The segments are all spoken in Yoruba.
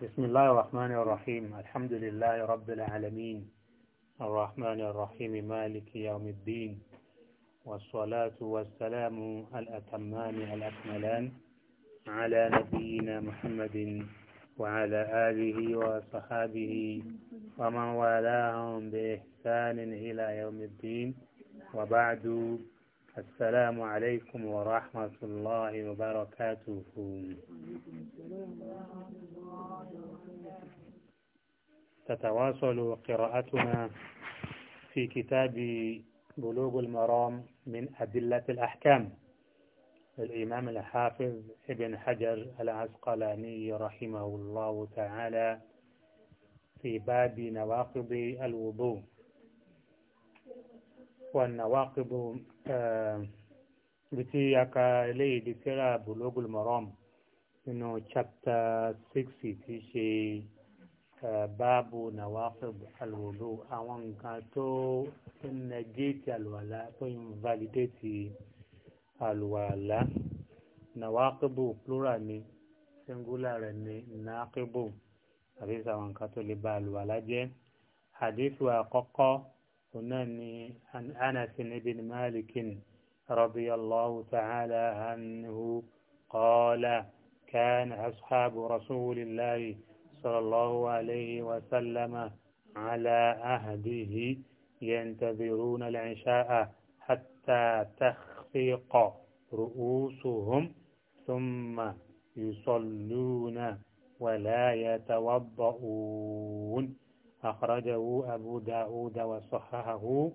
بسم الله الرحمن الرحيم الحمد لله رب العالمين الرحمن الرحيم مالك يوم الدين والصلاة والسلام الأتمان الأكملان على نبينا محمد وعلى آله وصحابه ومن والاهم بإحسان إلى يوم الدين وبعد السلام عليكم ورحمة الله وبركاته تتواصل قراءتنا في كتاب بلوغ المرام من أدلة الأحكام الإمام الحافظ ابن حجر العسقلاني رحمه الله تعالى في باب نواقض الوضوء والنواقض Ehm, ibi tí a ka eléyìí di sẹ́ra bulogul maram nínú chapter sixty tí í ṣe eh, báàbù nawaqib alwudu àwọn nǹkan tó negate alwala tó invalidate alwala nawaqibu plural ni singular rẹ̀ ni naqibu àbí sàwọn nǹkan tó lè ba alwala jẹ́ hadithu àkọ́kọ́. وناني عن أنس بن مالك رضي الله تعالى عنه قال كان أصحاب رسول الله صلى الله عليه وسلم على عهده ينتظرون العشاء حتى تخفق رؤوسهم ثم يصلون ولا يتوضؤون أخرجه أبو داود وصححه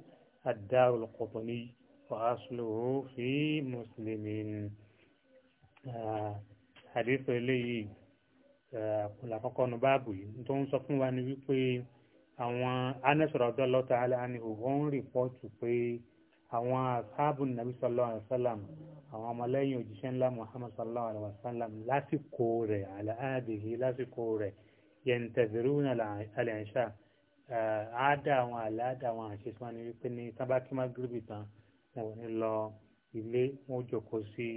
الدار القطني وأصله في مسلم حديث لي kòlà kọ́kọ́ nu báàbù yìí tó ń sọ fún wa ni wípé àwọn anẹ́sọ̀rọ̀ ọ̀dọ́lọ́ ta alẹ́ àni òwò ń rìpọ́ọ̀tù pé àwọn asáàbù nàbí sọlọ́ àṣálàm àwọn ọmọlẹ́yìn òjíṣẹ́ ńlá muhammad sọlọ́ àṣálàm lásìkò rẹ̀ àlẹ́ àdìhí lásìkò rẹ̀ yẹntẹ̀fẹ̀rúnà àlẹ́ǹṣà àádá àwọn àlàádá àwọn àṣeṣe wọn ni wípé ní tábàkì magrebi tán wọn ò ní lọ ilé wọn ò jókòó sí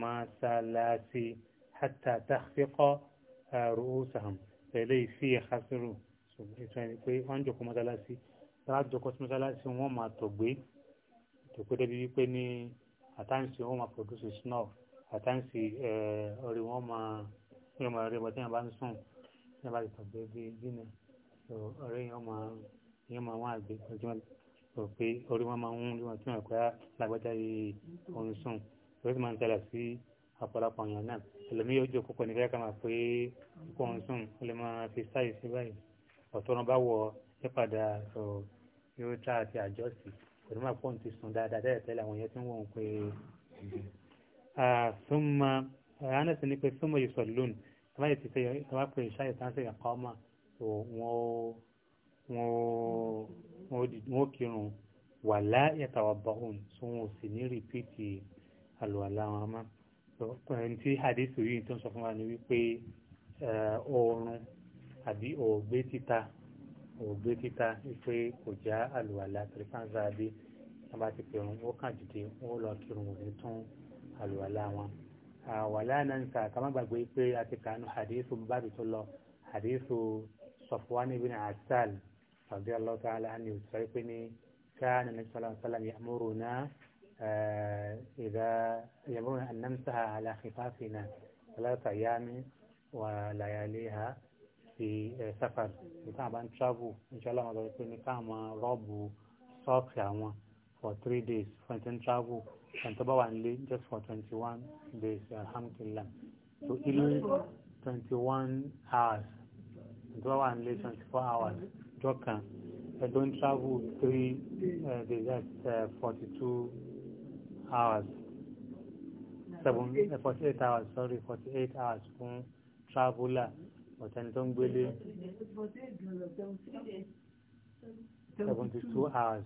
mọ́sálásí hàtà tàfíkọ́ rúùsàn pẹ̀lú ìfì ìhásírù ètò ẹni pé wọ́n ń jókòó mọ́sálásí tábà jókòó sí mọ́sálásí wọn máa tògbé tògbé débi wípé ní àtàǹsì wọn máa produce snow àtàǹsì ọ̀rẹ́ wọn máa rí ọmọ rẹ bọ́tẹ́yìn bá ń sùn tí a bá lè sọ pé bí dínà tó ọ̀rẹ́ yẹn máa yẹn máa wọ́n àgbẹ̀ ọjọ́ rò pé orí wọn máa ń rí wọn tí wọn pẹ́ lágbájá yìí oorun sùn tó sì máa ń tẹ̀lé sí ọ̀pọ̀lọpọ̀ èèyàn náà ẹlòmíì yóò jókòó pẹ̀lú ìfẹ́ ká máa pé kó oorun sùn ó lè máa fi sáyè sí báyìí ọ̀tọ́run bá wọ yípadà tó yóò tá àti àjọsí pẹ̀lú máa pọ́ùn ti sùn dáadáa tẹ́lẹ̀ tẹ́lẹ̀ àwọn èèyàn ti ń wọ̀ ń pé ثم أنس نقول ثم يصلون tọ́wá yìí ti ṣe tọ́wá pé ìṣá yìí sáńsẹ̀ ẹ̀kọ́ ọmọ tó wọ́n ó kírun wà láyàtà wà bá òun tó wọn ò sì ní rìpíìtì àlùwàlá wọn mọ́. ẹni tí hadith yìí tó ń sọ fún wa ni wípé oorun àbí òògbé títa òògbé títa wípé kò já àlùwàlá tẹlifáńsà àbí tí wọ́n bá ti pè wọ́n ó kàn dìde wọ́n ó lọ kírun òun tún àlùwàlá wọn. Ah, wàlá náà ń sà kàmá gbàgbé pé a ti kànú hadithu bábi tó lọ hadithu Safwan ibn Asal radiyallahu ta'ala anhu sọ pé ní كان النبي صلى الله عليه وسلم يأمرنا إذا يأمرنا أن نمسها على خفافنا ثلاثة أيام ولياليها في سفر nípa bá ń travel inshallah wọn sọ pé ní ká máa rọ́ọ̀bù sọ́ọ̀kì àwọn for three days fún ẹni travel ẹni tó bá wà nílé just for twenty one days alhamdulilah so ilé twenty one hours ẹni tó bá twenty four hours jọ́kan ẹ don't travel three uh, days that's eh, forty uh, two hours seven uh, eh, forty eight hours sorry forty eight hours fún traveler, but tó don't believe. seventy two hours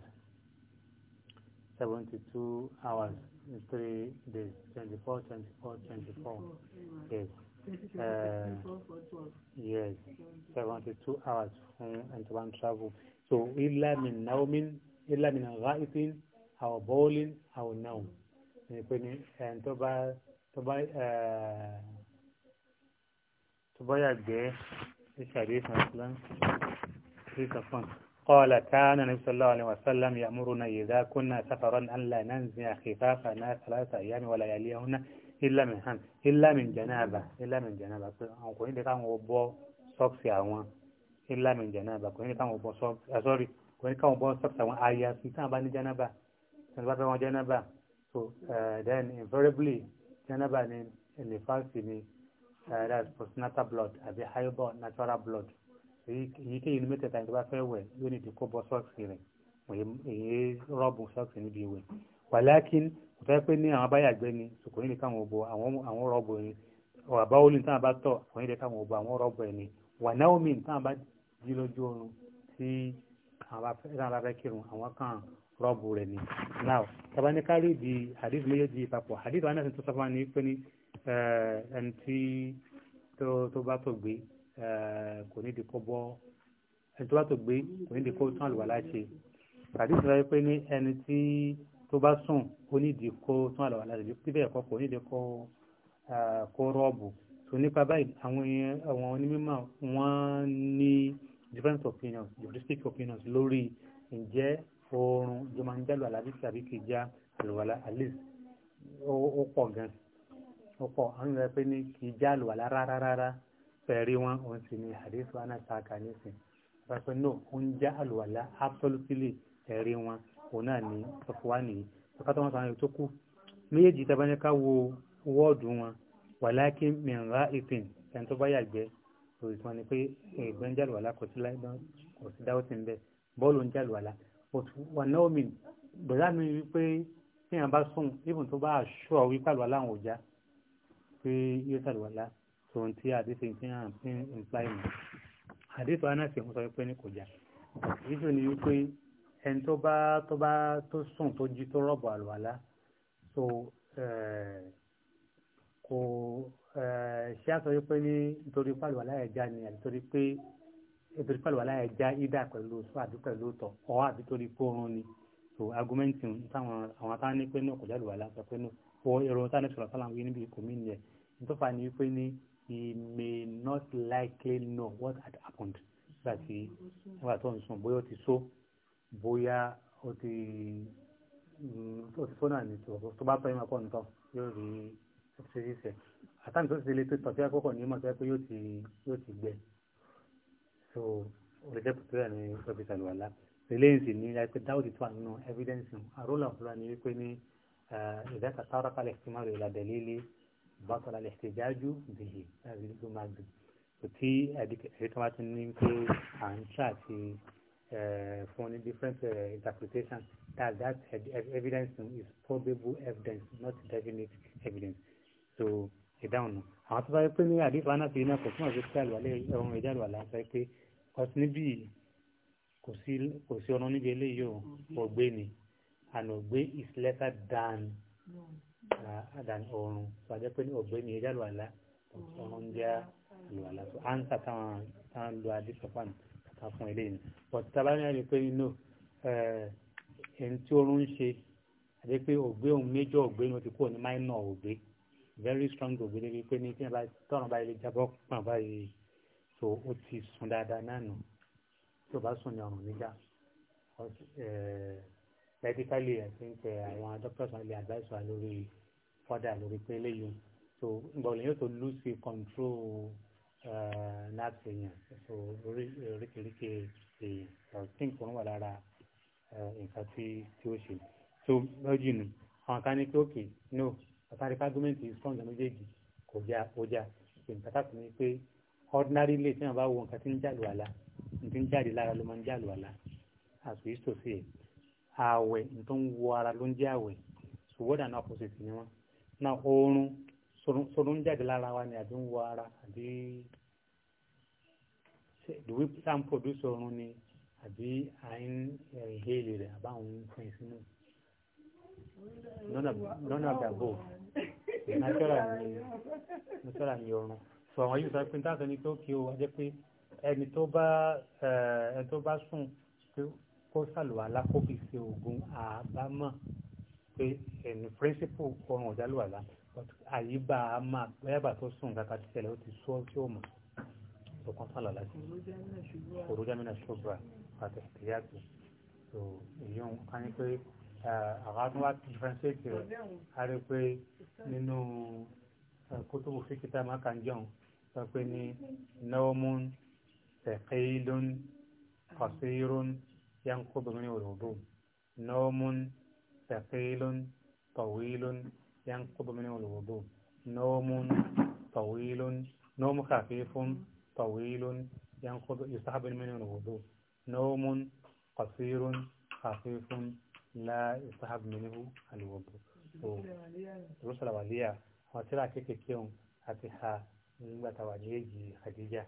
seventy two hours three days twenty four twenty four twenty four yes uh, yes seventy two hours fún ẹni tó bá ń travel so ilá mi náà mi ilá mi náà rà ìpín àwọn bọ́ọ̀lì àwọn náà ẹni pé ní ẹni tó bá tó bá uh, tó bá yàgbẹ́ ìṣàdé ìṣàdé ìṣàdé ìṣàfọ́n. قال كان النبي صلى الله عليه وسلم يأمرنا إذا كنا سفرا أن لا ننزع خفافنا ثلاثة أيام ولا ولياليهن إلا من هم إلا من جنابة إلا من جنابة أقول لك أن أبو سوكسي أوان إلا من جنابة أقول لك أن أبو سوكسي سوري أقول لك أن أبو سوكسي أوان آية سيطان بان جنابة سنبات أوان جنابة so uh, then invariably جنابة نفاسي uh, that's postnatal blood أبي حيضة natural blood èyíkéyìí ní mẹ́tẹ̀ẹ̀ta ìjọba fẹ́ wẹ̀ yóò ní ìdíkó bọ́ sọ́ọ̀sì rẹ̀ èyí rọ́ọ̀bù sọ́ọ̀sì níbi ìwẹ̀ wàlákin kò fẹ́ pé ní àwọn báyàgbẹ́ ni sòkò nílé káwọn òbò àwọn rọ́ọ̀bù ẹni ọ̀bá olú táwọn bá tọ̀ kò nílé káwọn òbò àwọn rọ́ọ̀bù ẹni wà náà omi táwọn bá jí lójú oorun tí àwọn bá fẹ́ kírun àwọn kan rọ́ọ̀bù rẹ̀ ni. now tabanikari di hadith méjèèjì papọ̀ hadith wa náà ti tó sọ fún wa ní pé ní eh, ẹni tí tó bá tó gbé Eh, kò ní ìdíkọ́ bọ́ ẹni tó bá tó gbé kò ní ìdíkọ́ tán àlùwàlá ṣe tàbí ìṣẹ́ wáyé pé ní ẹni tí tó bá sùn ó ní ìdíkọ́ tán àlùwàlá ṣe bí bẹ́ẹ̀ kọ́ kò ní ìdíkọ́ eh, kó rọ́ọ̀bù tó nípa báyìí àwọn onímọ̀ wọ́n ní different opinions juristic opinions lórí ǹjẹ́ oorun jọ máa ń jálù àlàbí tàbí kì í já àlùwàlá at least ó pọ̀ gan ó pọ̀ àwọn ìrẹ́pẹ́ ní kì í já àlùwàlá rárá rárá tẹ̀rí wọn òun sì ni hadith wa náà ṣáka nísìn pàṣẹ náà òun já àlùwàlá absolutely tẹ̀rí wọn òun náà ní sọfúnwá nìyí ọkàtà wọn sàwọn ètò kù méjèèjì tabaníká wo wọ́ọ̀dù wọn wàláàkì mìíràn ìfìn ẹni tó bá yàgbẹ́ òun ìtumọ̀ ni pé ẹ̀gbẹ́ ń jàlùwàlá kò sí dáwọ́ sí ń bẹ bọ́ọ̀lù ń jàlùwàlá wà náà mi bẹ̀rẹ̀ àmì wípé tí èèyàn bá sùn ibùn àlùwàlá àwọn òjá pé tó ń tí àdíṣe tí à ń pín ìgbà ìmọ̀ àdíṣe anáṣẹ́ ń sọ pé ní kò já ìṣù ni wípé ẹni tó bá tó bá tó sùn tó jí tó rọ̀bọ̀ àlùwàlá so eh, kò eh, ṣe àsọ wípé ní nítorí pé àlùwàlá ẹja ni àti torí pé nítorí pé àlùwàlá ẹja ìdá pẹ̀lú sọ àbí pẹ̀lú tọ̀ ọ́ àbí torí pé oorun ni so argumenti táwọn àwọn táwọn ní pé náà kò já àlùwàlá sọ pé náà wọ èrò táwọn ní sọ̀rọ̀ sálàmù yìí níbi ìkòmí nìyẹn nítorí pé ní he may not likely know what had happened nígbà tí nígbà tó ń sùn bóyá ó ti só bóyá ó ti ó ti sónà ní tòkó tó bá tọ́ ìmọ̀ pọ̀ nìkan yóò rí ṣíṣe àtàǹtí tó ti lè tọ̀ tí akọ́kọ̀ ní ìmọ̀ tó yẹ pé yóò ti gbẹ so olùjẹ́ pẹ̀lú ẹ̀ ní ọ́fíìsì àlùwàlá eléyìí ní láìpẹ́ dáwọ́dì tó wà nínú evidence àrólà fúlà ní wípé ní eh, ìdáka sáárà kalẹ̀ sí máa rè ládẹ̀lélé bàtà lálẹ́ ìtẹ̀jájú bìyì láti rí tó máa gbìn kò tí ẹ̀rí tó máa ti ní pé à ń ṣe àti fún ní different uh, interpretation that that evidence is probable evidence not definite evidence so ìdáhùn nù àwọn tó bá yẹ pé ní àdìfà náà fi iná kò túmọ̀ sí pé àlùwalẹ̀ ọ̀hún ẹ̀jẹ̀ àlùwalẹ̀ sọ pé ọtí níbí kò sí kò sí ọ̀nà níbi eléyìí mm-hmm. ò ògbé ni and ògbé is lesser than. No. Mm-hmm àdàní oorun hmm. so a jẹ́ pé ní ọ̀gbẹ́ni ẹ̀já lò àlá oorun jẹ́ lò àlá tó ánsà táwọn lo adéṣọ́fàn kàkà fún eléyìí ni but tábà ní àyè pé nínú ẹni tí oorun ń ṣe àti pé ògbé òun méjọ ògbé ni ó ti kúrò ní máìnà ògbé very strong ògbé débi pé ní tí wọn bá tọrùn báyìí lè jábọ́ pọn báyìí so ó ti sùn dáadáa náà nù tí o bá sùn ní ọrùn níjà eh, medically i think àwọn eh, doctors wọn lè advice wa lórí fọ́dà lórí pé eléyìí so gbọ̀lẹ̀ yóò tó lùsì kọ̀ǹtró eh, láti èèyàn so eh, oríkèéríkèé èèyàn ọ̀sìn kò ń wà lára eh, nǹkan tí tí ó ṣe so lọ́jì nù àwọn kan ní pé òkè no àtàrí pàgọ́mẹ̀ntì strong méjèèjì kò já kò já nǹkan tá a sì ní pé ordinary lay tí wọn bá wo nǹkan tí ń jàlù àlá nǹkan ń jáde lára ló máa ń jàlù àlá àti ìṣòsì ẹ̀ ààwẹ̀ nǹkan ń wo ara ló ń jẹ́ ààwẹ̀ so word and opposite ni wọ́n na oorun sorun jáde lára wa ni àbí ń wọ ara àbí do we plan produce oorun ni àbí à ń inhale rẹ̀ àbá àwọn nǹkan ìsinú none of the above natural ni natural ni oorun so àwọn yìí sọ pé táwọn ẹni tó kí o wá jẹ́ pé ẹni tó bá ẹni tó bá sùn kó sàlùwà lákòókì sí oògùn àbámọ̀ pé ẹni píríncípù ọrùn ọ̀dá lùwà lá àyíbá a máa gbẹ́yàbà tó sùn kàkà ti tẹ̀lé ó ti sọ tí ó mọ̀ ọkàn sálà láti òrójámínà ṣọ́bà àti ìyàtò tó èyàn ká ní pé àwọn tó wá differentiate rẹ̀ a rí pé nínú kótóbù fíkítà mákànjọ́n sọ pé ní náwọ́mún tẹ̀kílún kọ̀sírún yankó bẹ̀rẹ̀ òdòdó náwọ́mún ثقيل طويل ينقض منه الوضوء نوم طويل نوم خفيف طويل ينقض يسحب منه الوضوء نوم قصير خفيف لا يسحب منه الوضوء رسل وليا وترى كيف كيوم أتيها نبات وجيجي خديجة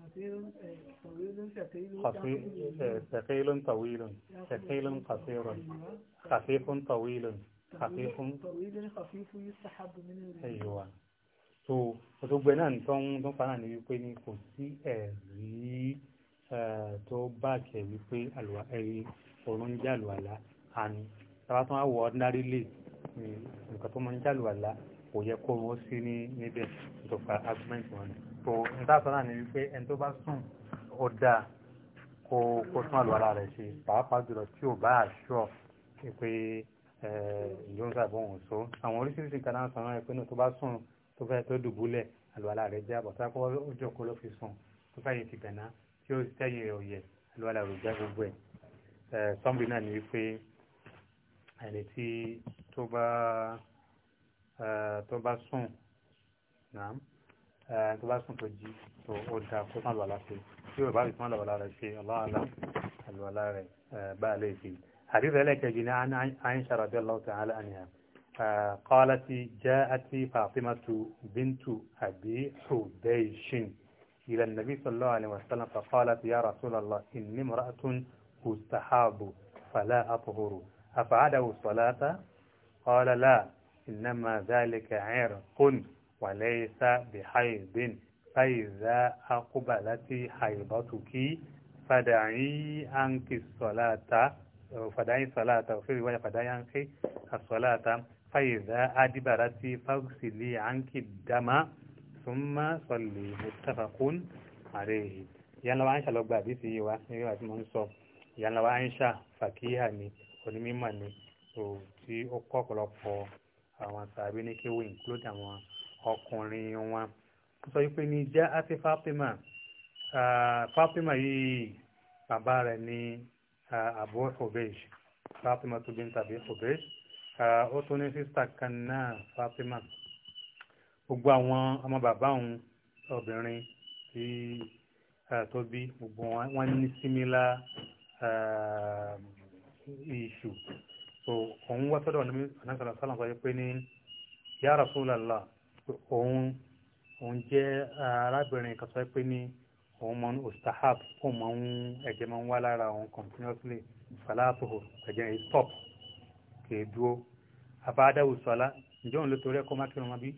ثقيل طويل ثقيل قصير خفيف طويل خفيف طويل خفيف يستحب منه ايوه so gbogbo náà tó ń tó fara ní wípé ní kò sí ẹ̀rí eh, tó báàkẹ̀ wípé ẹ̀rí òun ń jàlù àlá àní tàbá tó wá wọ ordinary lay nǹkan tó mọ ń jàlù àlá kò yẹ kó wọn sí ní níbẹ̀ tó fa argument wọn ni tó ní sáàsán náà ni wípé ẹni tó bá sùn ó dáa kó kó tún àlùwàlá rẹ̀ ṣe pàápàá jùlọ tí ò bá àṣọ pé ìjọ ń sàbọ̀n òṣó àwọn oríṣiríṣi nǹkan náà sọ̀rọ̀ ẹ̀ pé náà tó bá sùn tó fẹ́ tó dùbúlẹ̀ àlùwàlá rẹ̀ jẹ́ àbọ̀tá kó ó jókòó ló fi sùn tó fẹ́ yìí ti gànà tí ó tẹ́yìn rẹ̀ òye àlùwàlá rẹ̀ jẹ́ gbogbo ẹ̀ sọ́mbì náà ni wípé ẹni tí tó bá sùn náà. Eh, tó bá sùn tó jí tó ó da kó má lọ́la ṣe tí ò bá lọ́la rẹ̀ ṣe eh, rẹ̀ bá a lè fi. الله تعالى عنها قالت جاءت فاطمة بنت أبي حبيش إلى النبي صلى الله عليه وسلم فقالت يا رسول الله إني امرأة أستحاب فلا أطهر أفعله الصلاة قال لا إنما ذلك عرق وليس بحيض فإذا أقبلت حيضتك فدعي عنك الصلاة فدعي صلاة وفي رواية فدعي عنك الصلاة فإذا أدبرت فاغسلي عنك الدم ثم صلي متفق عليه yàrá wa aisha lọ gba àbí sí wa ní ìwà tí mo ń sọ yàrá wa aisha fàkíyà ni onímọ̀ ni tí ó kọ́ ọ̀pọ̀lọpọ̀ àwọn sàbí ní kéwì include àwọn ọkùnrin wọn sọ wípé ní já àti Fatima Fatima yìí bàbá rẹ̀ ní Abu Hubaysh Fatima tó bí ń tàbí Hubaysh ó tún ní sísà kan náà Fatima gbogbo àwọn ọmọ bàbá òun obìnrin tí tó bí gbogbo wọn ní símílà issue so òun wá sọ́dọ̀ ọ̀nà sọ̀rọ̀ sọ́lá sọ pé ní ya Rasulullah òun òun jẹ́ arábìnrin kan sọ pé ní òun mọ ostahab òun mọ ń ẹ̀jẹ̀ máa ń wá lára òun continuously falafuhu ẹ̀jẹ̀ yìí stop kìí dúró abáadáwò sọlá ǹjẹ́ òun ló torí ẹ̀kọ́ mákìrún wọn bí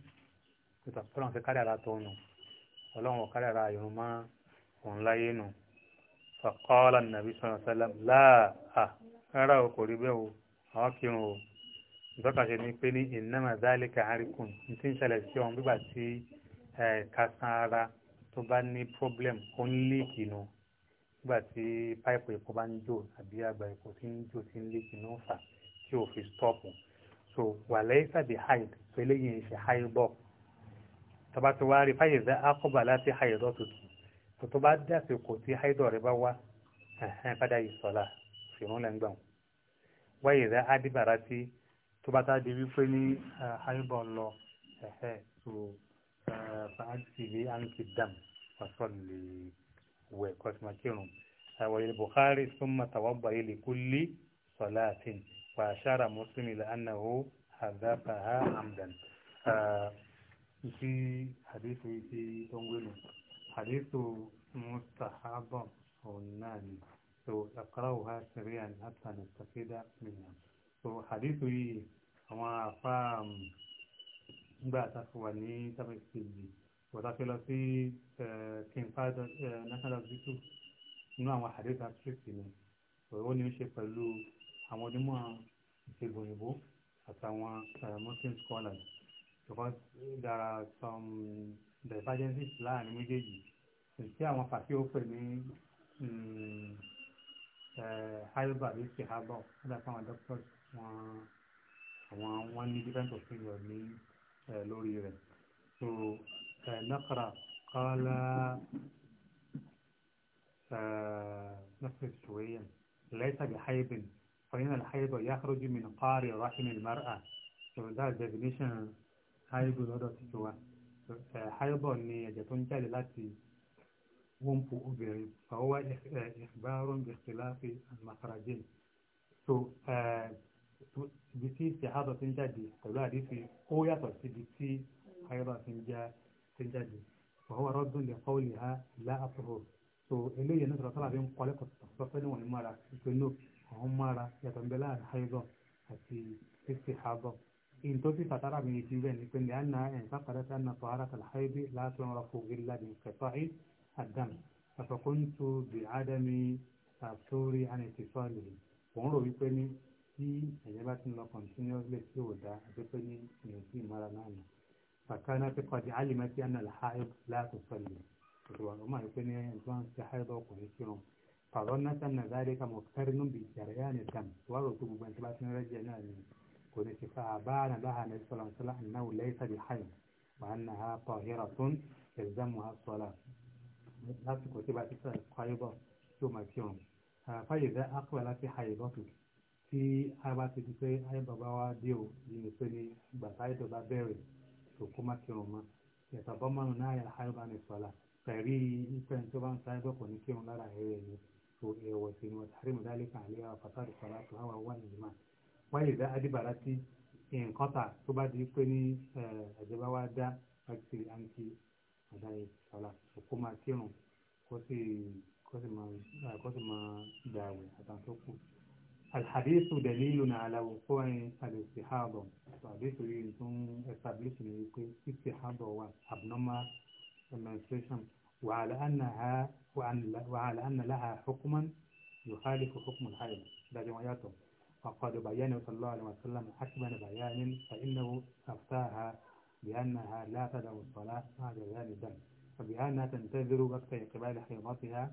kòtò ọlọ́run fi kárí ara tó nù ọlọ́run kárí ara ìrún mọ́ òun láyé nù faqala nàbí sallallahu alaihi wasallam láà rárá o kò rí bẹ́ẹ̀ o àwọn kírun o ìtọ́ka ṣe ni pé ní ìnáma zálíkà harikun ní tí ń ṣẹlẹ̀ sí ọ̀hún gbígbà tí kásán ara tó bá ní problem ó ń líìkì nù nígbà tí páìpù epo bá ń jò àbí àgbà epo tí ń jò tí ń líìkì nù fà tí ò fi stọ́ọ̀pù so wàlẹ́ ìsàbí haid tó eléyìí ṣe haid bọ̀ tọba tó wá rí fáyè zẹ́ akọ́bà láti haid tuntun tó tó bá dàsí kò tí haid rẹ̀ bá wá padà yìí sọ̀la fìrún lẹ́ngbọ̀n wáyé zẹ́ adìbàrà tí. tó bá tá a di wípé ní àyùbọ̀ ń lọ ẹ̀hẹ́ tó fàákìlì àǹkì dàm wàsọ̀lì wẹ̀ kọ́sìmọ̀kìrùn ile Bukhari súnmọ́ tàwọ́gbà yìí lè kú lé sọ̀láàtìn wàṣára Muslim ilẹ̀ anáwó àdáfàá àmdàn. في حديث في تنوينه حديث مستحب سنان سو أقرأها سريعا حتى نستفيد منها so hadith yìí àwọn afa ngbà àtàkùn wà ní sábẹ́sì kejì wọ́n tàfẹ́ lọ sí eh, kínfà eh, national hospital nínú àwọn hadith abstract ni òun ni ó ṣe pẹ̀lú àwọn onímọ̀ ìṣègùn òyìnbó àtàwọn eh, muslim scholars because there are some divergences láàrin méjèèjì tí àwọn fàṣẹ ó pè ní mm, haiba àbí sehaba ó dàpọ̀ àwọn doctors. wọn àwọn wọn ní different opinion ní lórí rẹ̀ so nàkàrà kọ́lá نفس السوريين ليس بحيض فإن الحيض يخرج من قار رحم المرأة so that definition حيض lọ́dọ̀ títí wa حيض ni ẹ̀jẹ̀ tó ń jáde láti wọ́npù obìnrin فهو إخبار باختلاف المخرجين so uh, ibi tí ìṣèhábà ti ń jáde pẹ̀lú àdífi ó yàtọ̀ sí ibi tí ayọ́bà ti ń jáde wàhùn àrọ́dún lè kọ́ ha láàpọ̀ so eléyìí ní sọ̀rọ̀ sábà ń kọ́ lẹ́kọ̀ọ́ sọ́fẹ́ níwọ̀n ní mara ìpinnu àwọn mara yàtọ̀ ń bẹ láàrin ayọ́bà àti ìṣèhábà in tó fi fatara mi ti bẹ́ẹ̀ ni pé ní àná ẹ̀ǹkà padà sí àná tọ́hárà tàlà ayọ́bì látọ̀ ń rọ́pò tí ẹ̀yẹ́ bá ti ń lọ continuously tí ò dá ẹgbẹ́ pé ní èèyàn sì mara náà nù fàkánà pé kọjá alìmọ́ sí àná làháyọ̀ láti sọ̀lẹ̀ òṣùwà ọmọ àìpé ní ẹni tó ń ṣe háyọ̀ ọkùnrin kírun fàrọ̀ náà sànà záre kà mọ̀ fẹ́rẹ́ nù bí ìjàrá yà ní dàm wà rò pé gbogbo ẹni tó bá ti ń rẹ́jẹ̀ náà ni kò ní ṣe fa àbáàna láhà ní sọ̀lá sọ̀lá ànáwó lẹ́yìn sábì háyọ̀ wà á nà ha pàhírà tó ń ẹ̀zámù ha sọ̀lá lásìkò tí bá ti sọ̀rọ̀ kọ́ ayébọ̀ tó máa kírun fàyè dá ákùrẹ́ láti háyè lọ́tù tí a bá ti di pé ayé bàbá wa dé o yìí ni pé ní ìgbà táyé tó bá bẹ̀rẹ̀ tó kó má kírun mọ́ ìyàtọ̀ bá márùn náà yà ayé bá ní sọ́la tẹ̀rí ìfẹ́ tó bá ń sáyé bọ́kọ̀ ní kírun lára ẹ̀rẹ̀ yìí tó ẹ̀wọ̀ sí ni wọ́n tàrí mọ̀dálẹ́ kan àlẹ́ àwọn fàtàrí sọ́la tó wà wà nìyí mà wáyé ìdá adébàrá tí nǹkan tà tó bá di pé ní ẹ̀jẹ̀bá wa dá láti àǹtí àdáyé sọ́la tó kó máa gbà àwẹ̀ kù الحديث دليل على وقوع الاستحاضة الحديث اللي نتون establish الاستحاضة هو abnormal وعلى أنها وعلى أن لها حكما يخالف حكم الحيض ده رواياته وقد بيانه صلى الله عليه وسلم أكمل بيان فإنه أفتاها بأنها لا تدعو الصلاة بعد ذلك الدم فبأنها تنتظر وقت إقبال حيضتها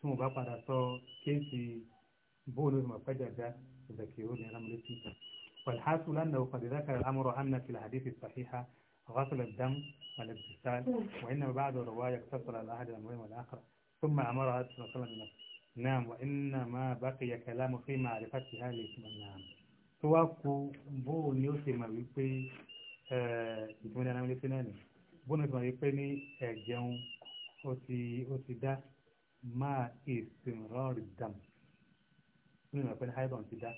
tí wọn bá padà sọ kéèsì bóòlù ìmọ̀fẹ́jàdá ìzàkìrò ní alámúlétí. والحاصل أنه قد ذكر الأمر أن في الحديث الصحيح غسل الدم والابتسال وإنما بعد الرواية اقتصر على أحد الأمرين والآخر ثم أمرها صلى الله عليه وسلم نعم وإنما بقي كلام في معرفتها للنعم توقو بون يوسم ويقي ìtumọ̀ ní alámúlétí náà ni bóòlù ìtumọ̀ wípé ní ẹ̀jẹun ó ti dá مع استمرار الدم من يكون حيضا في ده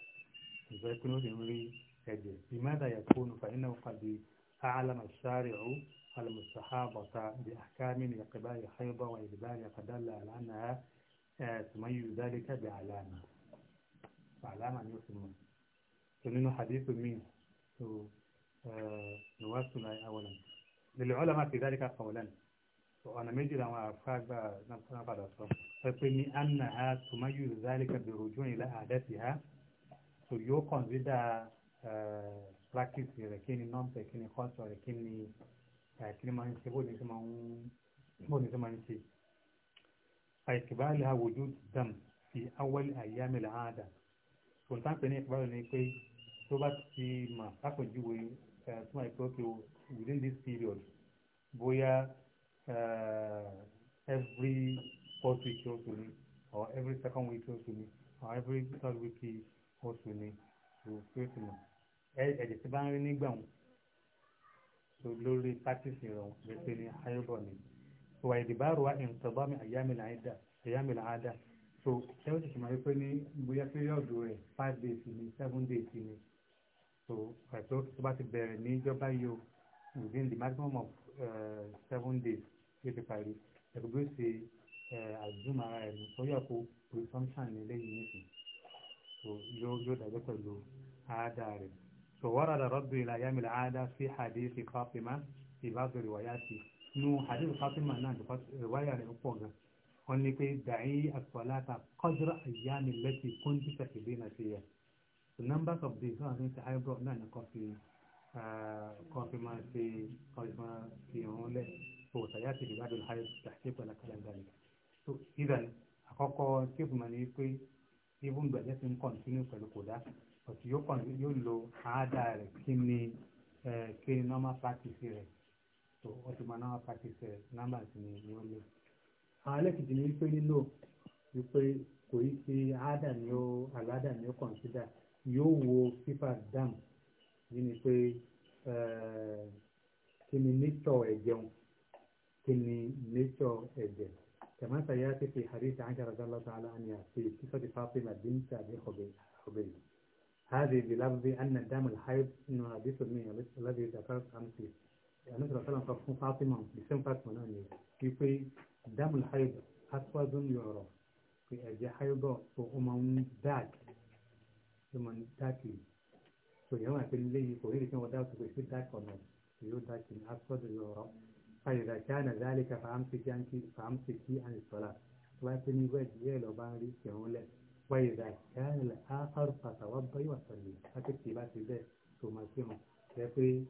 فيكون الامري كده لماذا يكون فانه قد اعلم الشارع علم الصحابة بأحكام لقباء حيضة وإدبار فدل على أنها آه، تميز ذلك بعلامة علامة يسمون سنن حديث مين آه، نواصل أولا للعلماء في ذلك قولان ọ̀nà méjì làwọn àfáàgbà náà padà sọ ẹ pé ní anna ha tumayu zalika birojo ila adati ha so yóò consider uh, practice rẹ̀ kí ni nọ́ọ̀mù kí ni culture rẹ̀ kí ni eh, kí ni máa ń ṣe bó ni ṣe máa ń bó ni ṣe máa ń ṣe. àìkìbáàlì ha wujud dam fi awal ayyami al-ada tòǹtà pé ní ìpàdé ni pé tó bá ti mà lápèjúwe tó máa ń pè ó within this period bóyá uh, every fourth week oṣù ni or every second week oṣù ni or every third week oṣù ni so kí o ti mọ̀ ẹ̀jẹ̀ tí bá ń rí nígbà wọn so lórí pátìsì rẹ̀ wọ́n lè pe ní ayọ́bọ̀ ni so wà ìdìbò àrùwá ìǹtọ́bá mi àyàmìlà àdá àyàmìlà àdá so ẹ ó sì ṣèmọ̀ wípé ní bóyá píríọ̀dù rẹ̀ five days ni seven days ni so ẹ̀tọ́ tó bá ti bẹ̀rẹ̀ ní ìjọba yìí within the maximum of uh, seven days yóò ti parí ẹ̀kọ́ bí ó ṣe àdúmọ̀ ara ẹ̀ nìkan yóò kó presumption ní lẹ́yìn nísìn so yóò yóò dàgbẹ́ pẹ̀lú àádá rẹ̀ so wàrà dà rọ́bì ilà yàmi là àádá sí hadith Fatima ìbáṣọ ìwàyà sí nu hadith Fatima náà ìwáyà rẹ̀ pọ̀ gan wọ́n ní pé dàí àtúwàláta kọ́dúrà àyàmi lẹ́tì kóńtì tẹ̀sílẹ̀ náà sí yẹ the numbers of days náà ní ti eyebrow náà ní kọ́fì kọ́fì máa ṣe kọ́fì hàn lẹ́yìn. وسياتي ببعض الحيض تحقيق ولا كلام ذلك اذا àkọ́kọ́ tí ìfúnmọ̀ ni pé even gbẹ̀dẹ́ ti ń kọ̀ntínú pẹ̀lú kódà ọ̀tí yóò kàn yóò lo àádá rẹ̀ kí ni kí ni normal practice rẹ̀ tó ó ti mọ normal practice rẹ̀ normal sì ni wọ́n lò. àwọn ẹlẹ́kìtì ni wípé nílò wípé kò í ṣe àádá ni ó àládà ni ó dam yìí ni pé ni nítọ̀ ẹ̀jẹun. كني نيتو إدل كما سيأتي في حديث عنك رضي الله تعالى أن في صفة فاطمة بنت أبي حبيب هذه بلفظ أن الدم الحيض إنه حديث المية الذي ذكرت أمس أن صلى الله عليه وسلم فاطمة بسم فاطمة في دم الحيض أسود يعرف في أجي حيض وأم ذاك ثم أمم ذاك في يوم في الليل في ذاك ونوم في ذاك أسود يعرف فإذا كان ذلك فأمسك عنك فأمسكي عن الصلاة لكن يوجه لو باري يقول وإذا كان الآخر فتوضي وصلي أكتب بات ذلك ثم كما يقول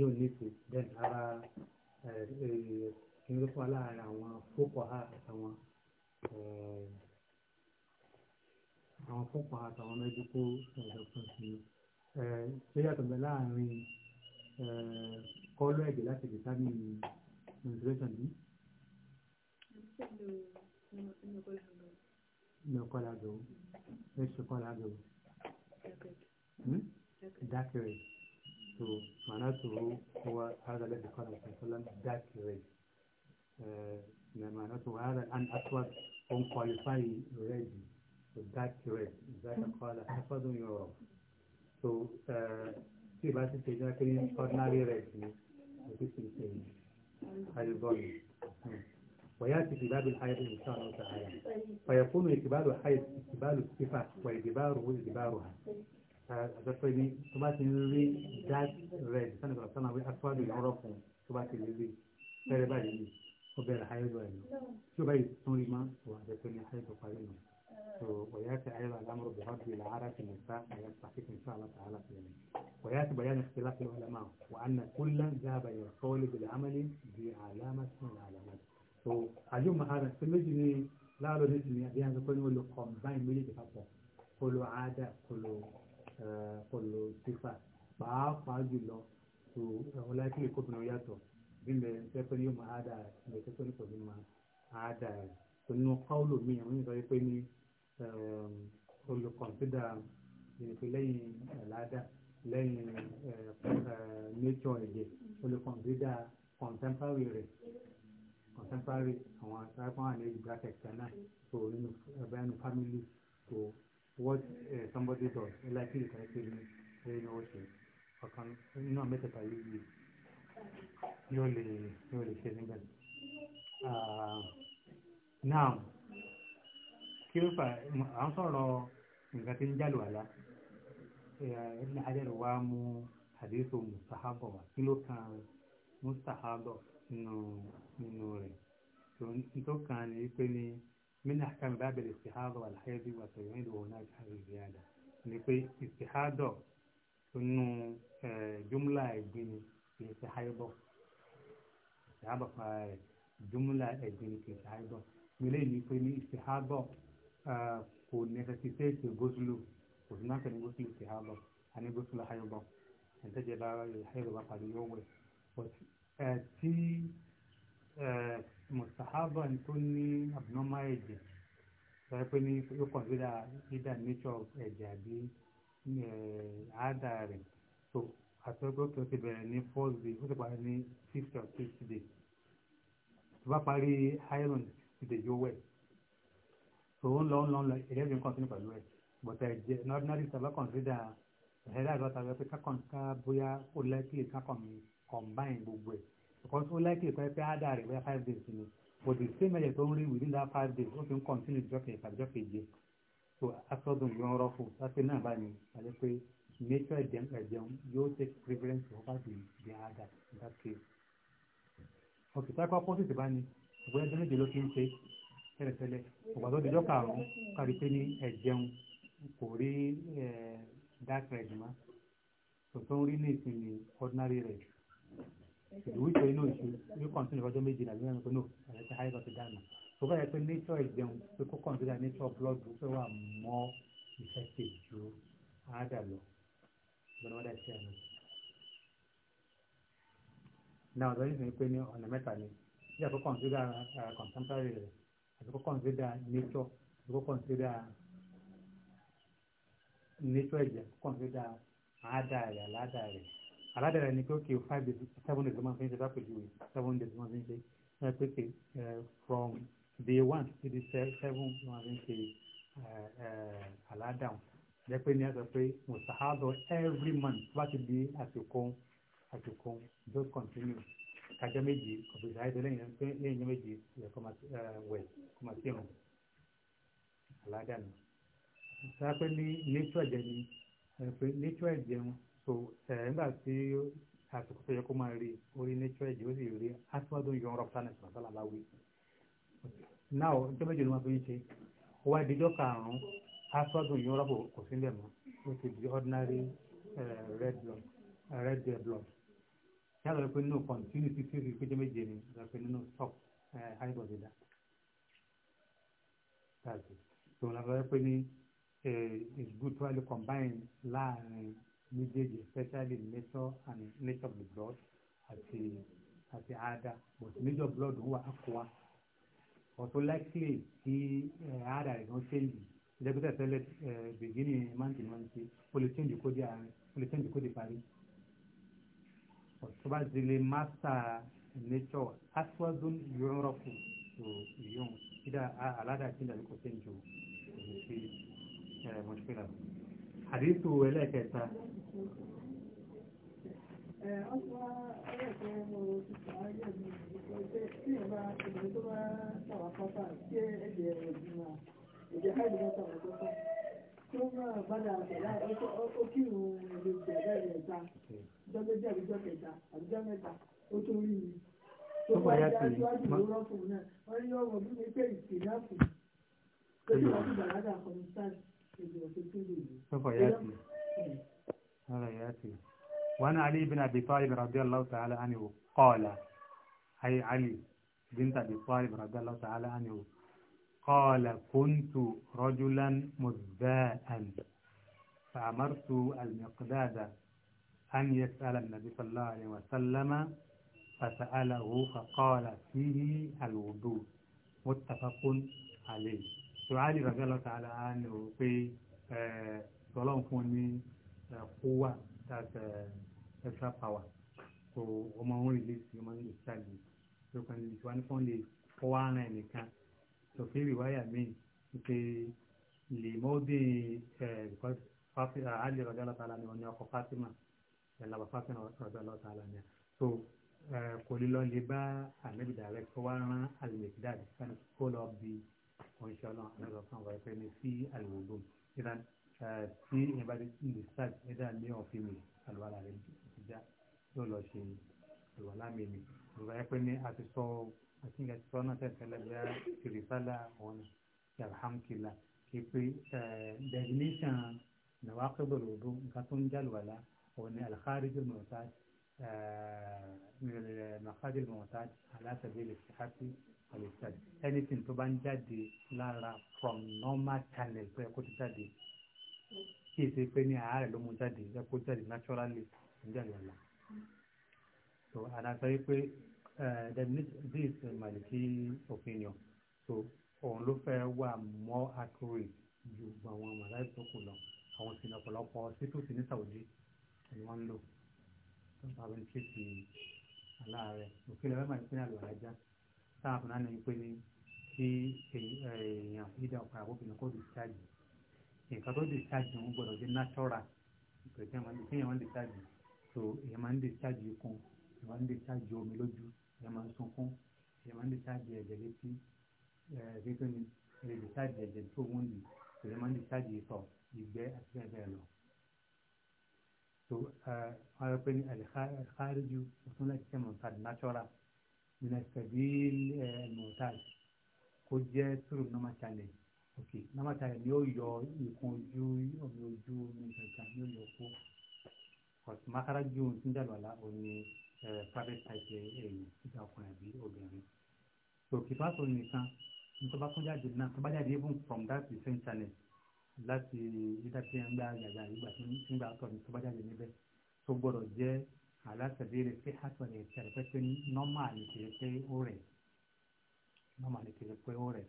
yóò ní ti then ara kí n ló fún wa láàrin àwọn fókọ̀há àtàwọn àwọn fókọ̀há àtàwọn mẹ́díkù ẹ̀dọ̀fún sí ṣé yàtọ̀ bẹ láàrin kọ́lọ́ ẹ̀dẹ̀ láti lè sá ní menstruation yìí. ní ọkọlá àgbẹ̀wò ẹ̀ṣẹ̀ ọkọlá àgbẹ̀wò dákẹ̀rẹ̀ tó màná tó wá ara lẹ́bi kọ́lá ìṣẹ̀sọ́lá dákẹ̀rẹ̀ màná tó wá ara and afterwards on qualify ready so dákẹ̀rẹ̀ is that a kọ́lá after doing your so. Uh, tí ìbá ti tẹ̀já pé ordinary rice ni kò sí sí ìṣe yìí àìbọ̀nì wọ̀yá ti ìbádùn hayat ìṣàn ọ̀tà àyà fàyàfóònù ìtìbádùn hayat ìtìbádùn sífà wà ìdìbárò ìdìbárò ha àtọ́fẹ́ ni tó bá ti ń rí dark red sani kọ̀ọ̀kan sọ́nà wí aswadu ìrọ̀rọ̀ fún tó bá ti rí rí fẹ́rẹ́ báyìí ó bẹ̀rẹ̀ hayat wà ní tí ó báyìí tún rí máa wà àtọ́fẹ́ ni hayat ọ̀parí nù. وياتي ايضا الامر برد العرب النساء ويستحقق ان شاء الله تعالى في يمين وياتي بيان اختلاف العلماء وان كلا ذهب الى القول بالعمل بعلامه من العلامات سو اليوم هذا في المجني لا لو نسمي يعني كل له كومباين ميلي تفاصيل كل عاده كل آه، كل صفه pàápàá فاجي tó سو láìpẹ́ يكون bìnrin بما يكون mẹ fẹ́ pé يكون máa áádà ẹ̀ mẹ fẹ́ pé ní kò olùkọ̀nsídà ìrètò lẹ́yìn ẹ̀láàdà lẹ́yìn nature ẹ̀jẹ̀ olùkọ̀nsídà contemporary rẹ̀ contemporary àwọn aṣáájú àwọn àlejò bracket kan so nínú ẹ̀bẹ̀ nínú family so what somebody does likely to connect with ẹ̀yìn náà ṣe ọ̀kan nínú àmẹ́tẹ̀ẹ̀ta yìí yóò lè yóò lè ṣe níbẹ̀. now kí ló fà á ń sọ̀rọ̀ nǹkan tí ń jálù àlá ibn hajar wa mú hadithu mustahaba wa kí ló kan mustahaba nínú nínú rẹ̀ tó kan ní pé ní min ahkam bab al-istihada wal hayd wa sayyidu wa hunaka hadhihi ziyada ni pé istihada nínú jumla ẹ̀gbin ni kì í ṣe haybọ̀ ìṣàbọ̀ fún ara rẹ̀ ẹ̀gbin ni kì í ṣe haybọ̀ gbélé pé ní istihada kò necessitate gosulu kò sí náà tẹ̀lé gosulu ti ha lọ àní gosulu ha yọgbọ́n ẹ̀ńtẹ́jẹ̀ bá ha yọgbọ́n pàdé yóò wẹ̀ tí mùsàhábà tó ní abnormal ẹ̀jẹ̀ sọ pé ní yóò consider either nature of ẹ̀jẹ̀ àbí àádá rẹ̀ so àtọ́gbọ́ tó ti bẹ̀rẹ̀ ní fourth day ó ti parí ní fifth or sixth day tó bá parí iron ti dè yóò wẹ̀ so long long long, lọ ń lọ èrè bí n continue pẹ̀lú ẹ̀ but ẹ jẹ ní ordinary sábà consider ẹ̀rẹ́ àgbà tàbí pé kákan ká bóyá ó likely kákan mi combine gbogbo ẹ̀ because ó likely pé pé ádà rẹ̀ bóyá five days ni but the same ẹ̀jẹ̀ tó ń within that five days ó fi continue ìjọ kẹ̀yẹ̀ tàbí ìjọ kẹ̀yẹ̀ so asọ́dún yóò ń rọ́fù láti náà báyìí àti pé nature ẹ̀jẹ̀ ẹ̀jẹ̀ yóò take preference over the the ádà in that case. okay sáà kọ́ pósìtì bá ní ìgbẹ́ ẹgbẹ́ méje ló fi tẹ́lẹ̀tẹ́lẹ̀ ọ̀gbà tó dẹjọ́ karùn-ún kárí pé ní ẹ̀jẹun kò rí dark red mọ́ tòótọ́ rí ní ìsinmi ordinary red ìdúwí tó inú ìṣú yóò kọ́ńtínú ọjọ́ méjì nàbí mẹ́rin pé no ẹ̀rẹ́ ti high dot dànù tó bá yẹ pé nature ẹ̀jẹun pé kó kọ́ńtínú nature blood pé wà mọ́ effective ju àádà lọ lọ́nà wọ́n dá sí ẹ̀rọ. náà ọ̀dọ́ yìí sọ pé ní ọ̀nà mẹ́ta ni bí àkókò kọ́ńtínú uh, contemporary rẹ̀ àti kó consider nature àti kó consider nature ẹ̀jẹ̀ kó consider àádá rẹ̀ àládá rẹ̀ àládá rẹ̀ ni pé ó kì í five days seven days máa fi ń ṣe lápèjúwe eh, seven eh, days máa fi ṣe ẹ pé pé from day one to day seven máa fi ń ṣe àládá wọn jẹ́ pé ní ẹ sọ pé mùsàhádọ́ every month láti di àsìkò àsìkò just continue kájọ méjì ọ̀sẹ̀ ìdáyẹ̀dẹ̀ lẹ́yìn lẹ́yìn méjì ìyẹn kọ́ máa wẹ̀ kọ́ máa sí ìrùn àládà nù. ní nature ẹ̀jẹ̀ ni pé nature ẹ̀jẹ̀ wọn so nígbà tí àsìkò tó yẹ kó máa rí orí nature ẹ̀jẹ̀ ó sì rí asúwádùn yọ ọ̀rọ̀ planet màtàlá láwí. náà ọjọ́ méjì ló máa fi ń ṣe wá ìdíjọ́ karùn-ún asúwádùn yọ ọ̀rọ̀ kò sí lẹ̀ mọ́ ó ti di ordinary red blood red blood yàtọ̀ pé no continue títí rí péjọ méje ni yàtọ̀ pé no stop high body da tàbí tòun la fẹ́ pé ní eh, it's good to really combine láàrin méjèèjì especially nature and nature of the blood àti àti ada but nature of blood wà akọ́wà ọ̀tún likely kí ada rẹ̀ náà change ìjẹ́pẹ́tẹ̀ tẹ́lẹ̀ eh, beginning month month ó lè change kó di àárín ó lè change kó di parí tó bá ti lè máta nẹ́tọ̀ aṣọ́dún yọ̀ọ̀rọ̀ kù tó yọ̀ọ̀n ìdá aládàá tí ìdàbí kò sí ju òṣèlú mọ̀ṣúlá. àdéhùn ẹlẹ́kẹta. ọ̀pọ̀ ẹlẹ́kẹ̀ẹ́ mo ti sọ ayé mi ìgbésẹ̀ tí ìgbà ìgbésẹ̀ tó bá tàwọn kọ́kà sí ẹ̀jẹ̀ ẹ̀jẹ̀ ẹ̀jẹ̀ tó náà bàdà àbẹ̀lá ó kírun ìgbésẹ̀ bẹ́ẹ̀ ẹ̀ta ọjọ́ méjì àbíjọ́ kẹta àbíjọ́ mẹ́ta ó tó rí mi tó bá yá pé ló rọ́pò náà wọ́n ní ọ̀rọ̀ bí mi pé ìsìnláàpù tó ti wà sí bàlágà kọ̀mísán èdè òfin tó lè lò. sọfọ yá pé ọ̀rọ̀ yá pé wọn Ali bin Abi Talib radiyallahu ta'ala anhu qala ay Ali binta Abi Talib radiyallahu ta'ala anhu. قال كنت رجلا مذاء فأمرت المقداد أن يسأل النبي صلى الله عليه وسلم فسأله فقال فيه الوضوء متفق عليه سؤال رضي الله تعالى عنه في ظلام آه، فوني آه، قوة تاس آه، extra قوة ومعوني ọmọ wọn release ọmọ wọn release charge so sọ̀fẹ́ rìwáyà míì wípé lè mọ́ọ́dé àlè rọ̀jọ́ lọ́tàlá ni wọ́n ní ọkọ̀ Fatima ìyàlàbà eh, Fatima rọ̀jọ́ lọ́tàlá ni so eh, kò lè lọ lè bá àlẹ́bí direct wá rán àlùmẹ̀kídàdì sani kó lọ bí wọ́n ṣe ọlọ́run àlẹ́bí ọ̀sán wọ̀ ẹ̀fẹ́ ní sí àlùmọ̀gbò ìran tí ìyẹn bá ti ń lè sáà ẹ̀dá ní ọ̀fìn mi àlùwàlà rẹ̀ ti já yóò lọ ṣe àlùwàlà mi ni ìrọ̀lẹ́ ní a ti sọ lakini tunaona tatalega risala on alhamdulillah kipi eh, definition nawaqid alwudu katun jalwala on alkharij almu'tad من المخارج المعتاد على سبيل الصحة والإفساد anything tó bá ń jáde lára from normal channel tó yẹ kó from normal kí èsì pé ní àárẹ̀ ló mú jáde yẹ kó jáde naturally ń jáde ọ̀la so àdàtọ̀ yìí pé uh, then this, this Maliki opinion so on ló fẹ́ wà more accurate ju àwọn màláì tó kù lọ àwọn sì ní ọ̀pọ̀lọpọ̀ títù sí ní Saudi ni wọ́n ń lò tàbí ní kéèkì aláàárẹ̀ òkèlè ọ̀rẹ́ màá ní pínlẹ̀ àlọ́ táwọn àfúnná ní pé ní kí eh, èèyàn ìdá ọ̀pá àbóbìnrin kò discharge nǹkan tó discharge wọn gbọdọ̀ jẹ́ natural ìpèsè àwọn ìpèsè àwọn discharge so èèyàn máa ń discharge ikùn èèyàn máa ń discharge omi lójú ẹ máa sunkún ẹ máa ń discharge ẹ̀jẹ̀ létí gẹ́gẹ́ ni ẹ discharge ẹ̀jẹ̀ tó wọ́n di ẹ máa ń discharge ìtọ̀ ìgbẹ́ àti bẹ́ẹ̀ bẹ́ẹ̀ lọ. so wọ́n rẹ pé ní alikáríju òtún láti ṣe mọ̀tàd natural minastabil mọ̀tàd kó jẹ́ through normal channel ok normal channel ni ó yọ ìkun ojú omi ojú omi ìjọba ni ó yọ kó makarajú ohun tí ń private type ẹ̀yìn síta ọkùnrin àbí obìnrin so kìí bá sọ nìkan nítorí bá tún jáde náà tó bá jáde even from that the same channel láti yíta tí ń gbá yàgbà ìgbà tí ń gbà tọ̀ ní tó bá jáde níbẹ̀ tó gbọ́dọ̀ jẹ́ alásàbẹ̀rẹ̀ pé àtọ̀lẹ̀ tẹ̀lẹ́pẹ́ pé nọ́mà normal kìí pé ó rẹ̀ nọ́mà ni pé ó rẹ̀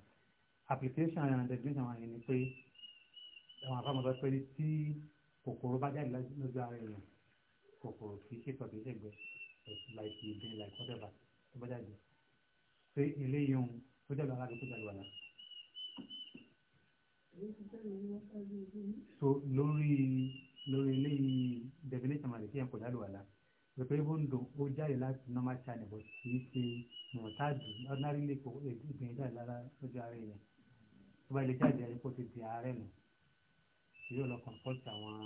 application and education wọn ni pé àwọn afámọ́tò pé tí kòkòrò bá jáde lójú ara èèyàn kòkòrò kìí ṣètò kìí like ìdín like whatever tó bá jáde ṣé ilé yìí ń tó jáde aláàbò tó jáde so lori lori ilé yìí definition àti ìyẹn kò jáde wàlá pẹpẹ bó ń dùn ó jáde láti normal channel but kì í ṣe mọ̀táàdì ordinary lè kó ìgbìyànjú jáde lára lójú ara èèyàn tó bá ilé jáde ayé kó ti di ààrẹ nù yóò lọ kàn fọ́ọ̀tì àwọn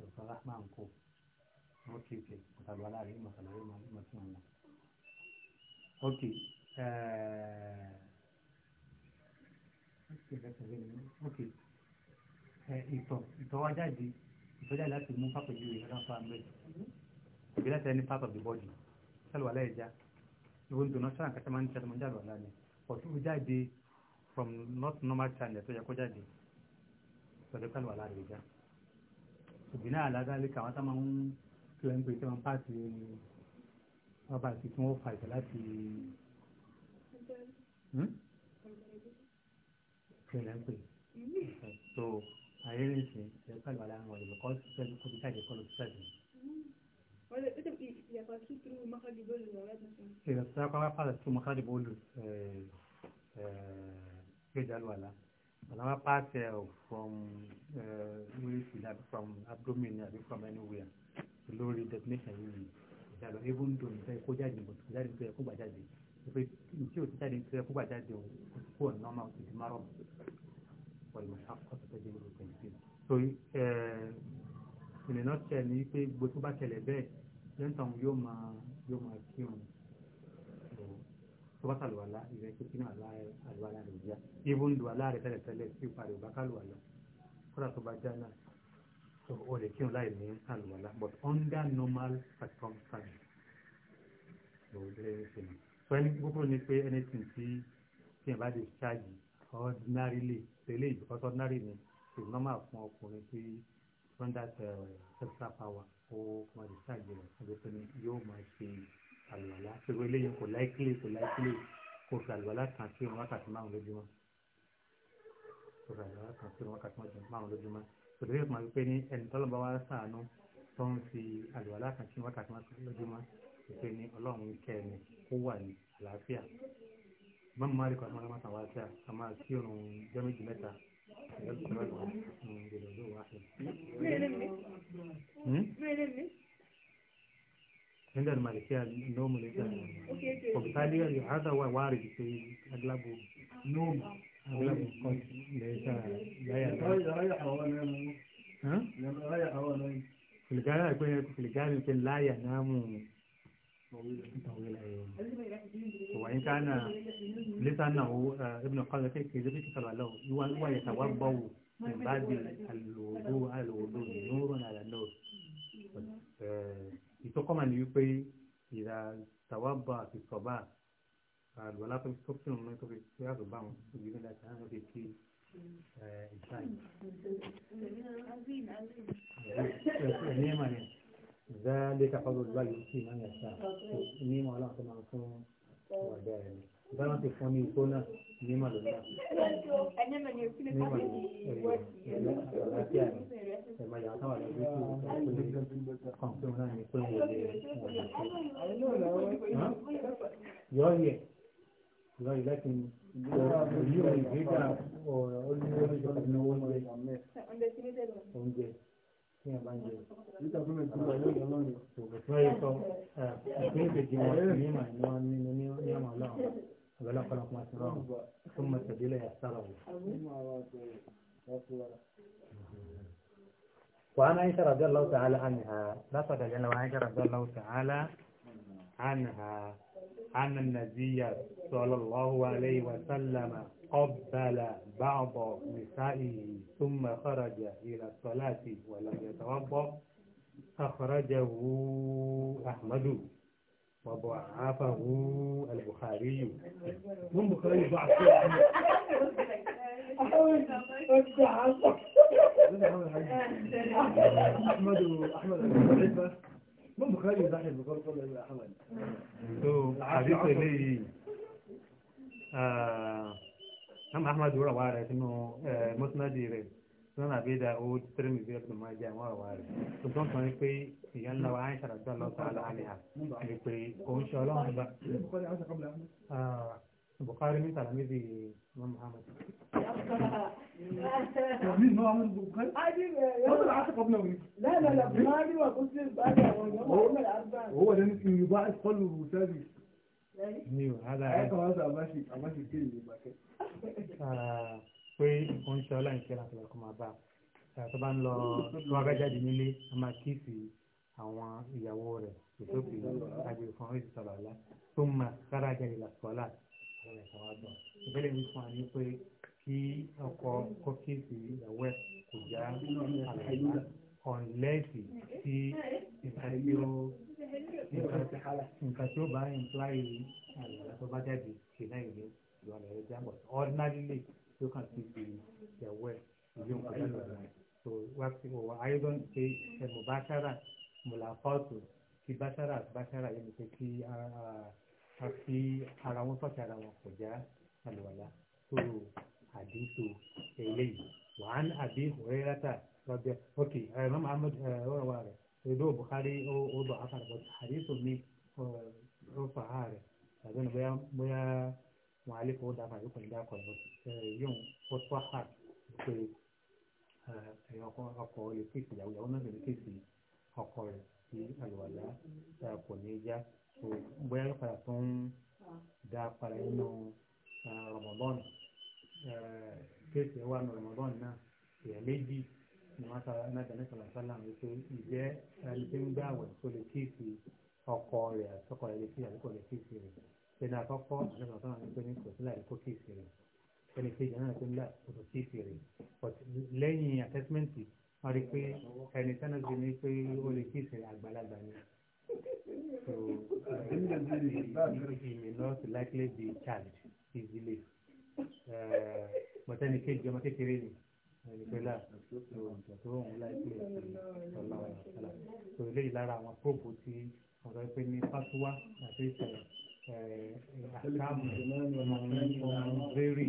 eh, rahman kò ok ok ọ̀tàlù aláàrẹ yóò mọ̀sálà yóò mọ̀ sí wọn. ok eh, ok ìtọ̀ ìtọ̀ wá jáde ìtọ̀ jáde láti mú pápẹ́jú rẹ̀ ráfà mẹ́jọ ìbílẹ̀ tẹ́ ní part of the body sálù aláìjá ìwé ìdùnnà sáà kẹta máa ń jáde máa ń jáde wà láàyè but ó jáde from not normal channel tó yẹ kó jáde pẹ̀lú sálù aláìjá ìbílẹ̀ àládá lè kà wọ́n tá máa tí wọ́n ń pè tí wọ́n pàṣẹ wọ́n bá ti tí wọ́n fà ìjà láti ìṣẹ̀lẹ̀ hmm? ń pè so ayé ní ìsìn ẹ̀ pẹ̀lú ara wọn ìlú kọ́ sí pẹ̀lú kó ti jáde kọ́ lọ sí pẹ̀lú. إذا استقام فعل ثم خرج بول يجعل ولا ولما pass from where eh, uh, from abdomen from anywhere lórí definition yìí ìjàlọ even though nǹkan ẹ̀kọ́ jáde bò tó jáde tó ẹ̀kọ́ gbà jáde pé tí o ti jáde tó ẹ̀kọ́ gbà jáde o kò sí fóònù normal kò sí márùn wọ́n ìmọ̀ ṣàkóso tó jẹ́ olùkọ́ ìpín. so ìrìnà eh, ṣẹlẹ̀ ni pé gbogbo tó bá ṣẹlẹ̀ bẹ́ẹ̀ lẹ́ńtàn yóò máa yóò máa kírun tó bá ṣàlùwàlá ìrẹsì kí náà àlùwàlá rẹ̀ yá even though alárẹ̀ tẹ́lẹ̀ tẹ́lẹ̀ sí ìparí ò so o lè kírun láì ní àlùwàlá but under normal circumstances ló lè ṣe nù so ẹni gbogbo ni pé anything tí tí ẹ bá lè ṣáàjì ordinarily tẹ́lẹ̀ because ordinary ni so normal fún ọkùnrin tí from that eh, extra power ó wọn lè charge. rẹ̀ ẹgbẹ́ tó ní yóò máa ṣe àlùwàlá so ìwé eléyìí kò likely kò likely kò fi àlùwàlá kan sí ìrun wákàtí márùn lójúmọ́ kò fi àlùwàlá kan sí ìrun wákàtí márùn lójúmọ́ sọ̀rọ̀ yóò máa wípé ní ẹni tọ́lọ́ba wa sàánú tó ń fi àlùwàlá kan sí wákàtí wọn lójúmọ́ wípé ní ọlọ́run kẹrin kó wà ní àlàáfíà mọ́mú máa rí kọ́ ọmọdé máa tàwa àṣà a máa kí òun jẹ́ méjì mẹ́ta عند المالكية النوم اللي كان وبالتالي هذا هو وارد في أغلب نوم Kìlìkárì àgbẹ̀ yẹn kìlìkárì pé láyà náà mú وإن كان لسانه ابن قال في كذب كتب له ويتوضأ من بعد الوضوء على الوضوء نور على النور ìtọ́kọ́mà ni wípé ìdá tàwábà àti sọ̀bá àlùbọ́lá tó tó kí òun tó fi kí àlùbá àwọn tó gbé nílẹ̀ tí wọ́n fi kí ìṣáì. ẹ̀mí ẹ̀mà ni záálé kápákọ̀ gbá yóò kí ìmọ̀ yẹn sáà ní ìmọ̀ ọlọ́run tó máa fún ọ̀dọ́ ẹ̀ ni báwọn ti fún ní igbó náà ní ìmọ̀ lọ́la. àlàáfíà ni ẹ̀mọ̀ yàrá táwọn àlejò tó kàn fún náà ní pé wọ́n lè yọ̀ọ́ yẹ̀. زي لكن اليوم هيدا وقول لي هو مش بقى انه وين جاي عندك مين ده وين جاي كان بان جاي انت كمان تقول لي والله طيب كيف الجنائي ما انه اني اني ما لا ولا خلق ما سرهم ثم سبيل يحتره وعن عائشة رضي الله تعالى عنها نصر جل وعائشة رضي الله تعالى عنها أن النبي صلى الله عليه وسلم قبل بعض نسائه ثم خرج إلى الصلاة ولم يتوضأ أخرجه أحمد وضعفه البخاري من بخاري بعض أحمد أحمد أحمد mọ́ bùkárí ìdáhìn bùkárí tó lẹ́yìn àhàmà ni. tó àdìsọ eléyìí náà ah, ahmad wúrà wà rẹ sínú mọ́sánádì rẹ sọ́nà àbídà owó títírí mi bíọ́tù máa jẹ́ àwọn àwà rẹ̀ tó tán kan pé ìyá ńlá wa aisha rẹ̀ dán lọ́sàn-án lọ́wọ́ àníhà ni pé òun ṣe ọlọ́run البخاري من تلاميذ الإمام محمد تلاميذ ما عمل البخاري؟ خذ العتق قبل لا لا لا البخاري وقلت هو ده يمكن يباعد قلب الوسادي ايوه هذا هذا ماشي ماشي كده pé nǹkan ń ṣe ọlọ́run kí láti lọ́kọ́ máa bá a ah, tó bá ń lọ tó bá bá jáde nílé a máa kíìsì àwọn ìyàwó rẹ̀ ètò ìgbìyànjú àgbè fún oríṣi sọ̀rọ̀ ọ̀la tó máa sára jáde làkọ́lá ìbẹ̀rẹ̀ wí fún wa ní pé kí ọkọ kọ́kíìsì ìyàwó ẹ̀ kò já àlàyé ọ̀nlẹ́ẹ̀sì tí nǹkan tí ó nǹkan tí ó bá imply àlàyé tó bá jáde ṣe náà ìlú ìlú ọ̀nà ẹ̀rọ jábọ̀ ordinarily tí ó kàn sí ti ìyàwó ẹ̀ ìlú nǹkan tí ó báṣára báṣára yẹn ni pé kí àfi ara wọn pàtàkì ara wọn kọjá àlùwàlà tó àdínkù eléyìí wàhán àbí òrẹ́rẹ́ta rọ́bẹ̀ ok eh, imam ahmed ọ̀rọ̀ eh, wa rẹ̀ edo buhari ó bọ̀ afárá bọ̀ àdínkù mi ó fà á rẹ̀ tàbí ọ̀nà bóyá bóyá wọn alẹ́ kó dáa fàáyé kò ní dáa kọ̀ ẹ̀ eh, yóò ó tó àhà pé ọkọ̀ lè kéèsì ìyàwó ìyàwó náà lè kéèsì ọkọ̀ rẹ̀ sí àlùwàlà kò ní í já bóyá yóò padà tó ń da padà nínú Ramadan kéèsì wà nù Ramadan náà èèyàn méjì ni wọ́n sọ náà ní sọ̀rọ̀ sọ́lá mi pé ìjẹ́ ẹni tí ń gbà wẹ̀ tó lè kíìsì ọkọ rẹ̀ àtọkọ rẹ̀ lè kíìsì àbíkọ lè kíìsì rẹ̀ ẹni àkọ́kọ́ àti sọ̀rọ̀ sọ́lá mi pé ní kò sí láì kó kíìsì rẹ̀ ẹni kejì náà tó ń là kó kíìsì rẹ̀ lẹ́yìn assessment wọ́n rí pé ẹni tẹ́lẹ̀ ti ní pé ó lè kíìsì àgbàlagbà ni. So, uh, he may not likely be charged easily. Uh, but any case, you're not taking Nìpẹ́lá tó ń láìpẹ́ ìṣọ̀lá ọ̀la. So eléyìí lára àwọn próòpù tí wọ́n sọ pé ní fásúwá àti ìṣẹ̀lẹ̀ àtàmù mọ̀nzérì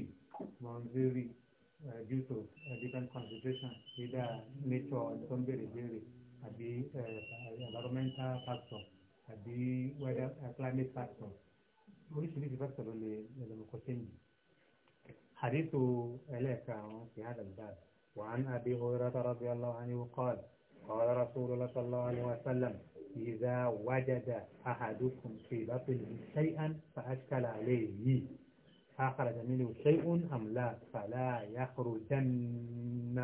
mọ̀nzérì due to uh, different concentration either nature or tó ń béèrè béèrè àbí uh, environmental factor. àbí weather uh, climate factor oríṣiríṣi factor ló lè lọ́mọkọ حديث إليك في هذا الباب وعن أبي هريرة رضي الله عنه قال قال رسول الله صلى الله عليه وسلم إذا وجد أحدكم في بطنه شيئا فأشكل عليه أخرج منه شيء أم لا فلا يخرجن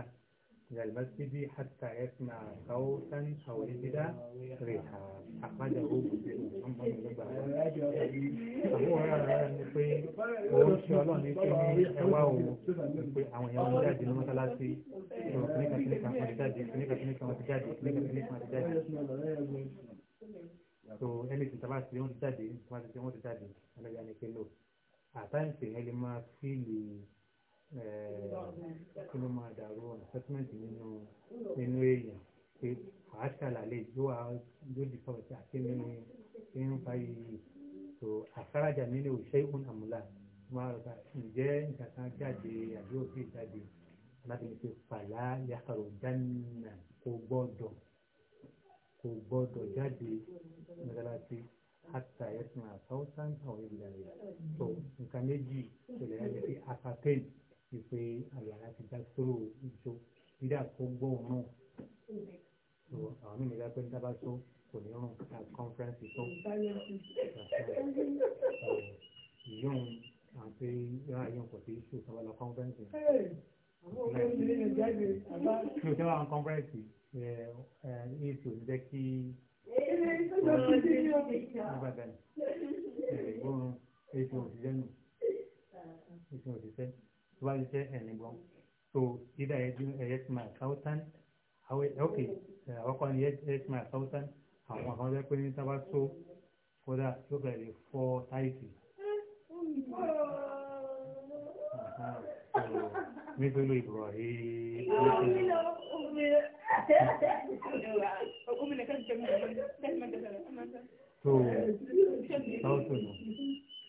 من المسجد حتى يسمع صوتا أو يجد ريحا أخرجه مسلم محمد بن فهو في وإن شاء الله نتمنى واو àwọn èèyàn wọn jáde ní mọ́sálásí ìṣòro kìnìkan kìnìkan wọn ti jáde kìnìkan kìnìkan wọn ti jáde kìnìkan kìnìkan wọn ti jáde so anything tàbá ti wọn ti jáde tàbá ti wọn ti jáde ẹlẹ́yà ni pé no àtàǹtì ẹ lè máa fíìlì. Eh, kí ló máa dàrú assessment nínú nínú èèyàn pé wàá ṣàlàyé yóò wá yóò di sọ̀rọ̀ sí àkéwì ní ṣé ń fa yìí tó àfárájà mi ní òṣè ìhùn àmúlà máa rọ̀ ká ǹjẹ́ nǹkan kan jáde àbí òfin jáde alábìyẹn pé fàlà yàtọ̀ dánilà kò gbọ́dọ̀ kò gbọ́dọ̀ jáde mẹ́tàlásí hata yẹtùmọ̀ àtàwọn sáńtà òun ìlànà tó nǹkan méjì tó lè yá ni pé wípé àyàrá ti dá sóró ìjó dídà tó gbọ́ òórùn so àwọn mìíràn dápẹ́ ní dábàá tó kò ní rùn ká kọ́nfẹ́rẹ́nsì tó ìyóhun àti ìyá àyè kò sí ṣù tó wà lọ kọ́nfẹ́rẹ́nsì. ṣé o tẹ́wọ́ àwọn kọ́nfẹ́rẹ́nsì ní ìṣù ń jẹ́ kí ìgbóhùn ètò òṣìṣẹ́ nù ètò òṣìṣẹ́ tó bá jẹ́ ẹ̀yìn gbọ́n so either ẹ dín ẹ̀yẹ ti máa accountant àwọn ok àkọ́kọ́ ni ẹ̀yẹ ti máa accountant àwọn àwọn ọ̀rẹ́ pé ní tá a bá tó kódà yóò bẹ̀rẹ̀ fọ́ táìtì. مثل إبراهيم so how to know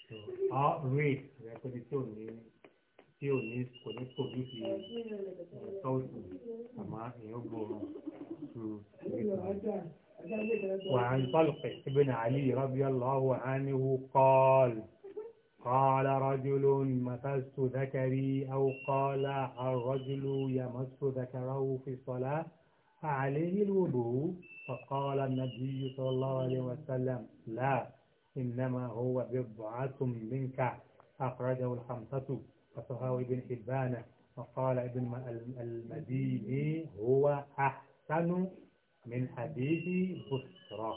so how read recognition meaning وعن طلق بن علي رضي الله عنه قال قال رجل مسست ذكري أو قال الرجل يمس ذكره في الصلاة فعليه الوضوء فقال النبي صلى الله عليه وسلم لا إنما هو بضعة منك أخرجه الخمسة وصحاوي بن حبان وقال ابن المديني هو أحسن من حديث بصرى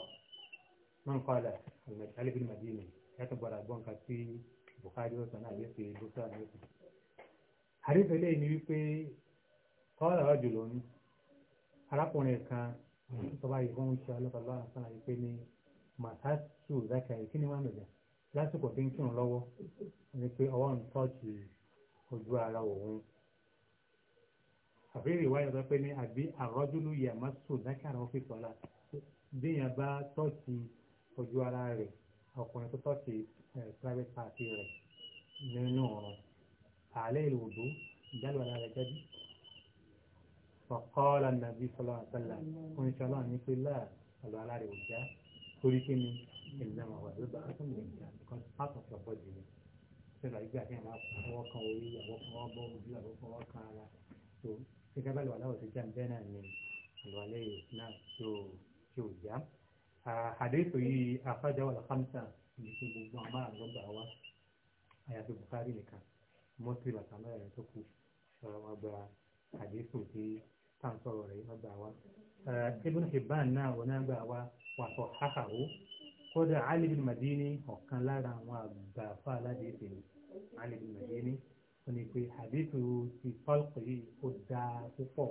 من قال المجهل بن المديني يكتب على بون كتي بخاري وسنة يسي بصرى يسي حديث إليه نيوكي قال رجل أراكوني كان sọba ìbọn ń ṣe ọlọ́pàá àṣà ìpè ní mahasu zakari kí ni wọ́n mẹ̀jẹ̀ lásìkò tí ń kírun lọ́wọ́ ni pé ọwọ́ ojú ara òun àbí ìwáyà tó pé ní àbí àrọ́júlù yàmá sùn dákàrà ó fi sọ́la bíyàn bá tọ́sí ojú ara rẹ̀ ọkùnrin tó tọ́sí private party rẹ̀ nínú ọ̀run àlẹ́ ìlòdó ìjálù ara rẹ̀ jẹ́bi. فقال النبي صلى الله عليه وسلم ان شاء الله ان يقول لا الله على رجع تريكني انما هو البعث من كان كنت حاطط لبوجهي fẹ́rẹ̀ àgbà kí wọ́n fọwọ́ kan orí àwọn fọwọ́ bọ́ ojú àwọn fọwọ́ kan ara tó gẹ́gẹ́ bá lọ́wọ́ aláwọ̀ tó já bẹ́ẹ̀ náà ni ìwàlẹ̀ náà tó tó já. àdéhùn yìí afájáwò alhamsa ní ti gbogbo àwọn márùn lọ́gbà wa àyàfi Bukhari Muslim àtàwọn ẹ̀rọ tó kù wọ́n gba àdéhùn tí táwọn sọ̀rọ̀ rẹ̀ wọ́n gbà wa. Ibn Hibban náà wọ́n náà gbà wa wàtò hákàwó kódà Ali bin Madini ọ̀kan lára àwọn àgbà fáaládé ìpínlẹ̀ àlè ìmọ̀lẹ́ ní wọ́n ní pé àdéhù ti fọ́ọ̀kì yìí ó dáa púpọ̀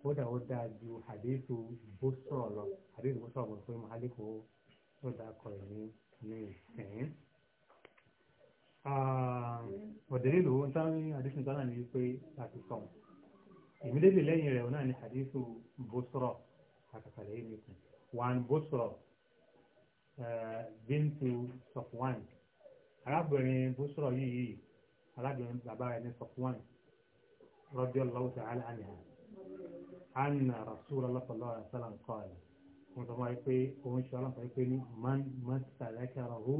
kódà ó dáa ju àdéhù bó sọ̀rọ̀ lọ àdéhù bó sọ̀rọ̀ pé màálíkò ó dáa kọ̀ ẹ̀ ní ní ìsìn. ọ̀dẹ̀lẹ́ lòó ń táwọn àdéhù tó náà ní pé láti sọ̀n ìmídébì lẹ́yìn rẹ̀ náà ní àdéhù bó sọ̀rọ̀ àkàkàlẹ̀ yìí nìkan wàn bó sọ̀rọ̀ bíntu sọ̀fwàn arábìnrin bó sọ̀rọ̀ yìí arábìnrin bàbá ẹni sọ̀kúnwáìn rọ́bì ọlọ́wọ́ tẹ̀ àlẹ́ àná àná rasúlọ́ lọ́pọ̀lọ́ àṣàlà ńkọ́ ẹ̀ wọ́n sọ wáyé pé òun ṣe ọlọ́pàá yìí pé ní man man sàlẹ́kẹ̀rọ̀ hù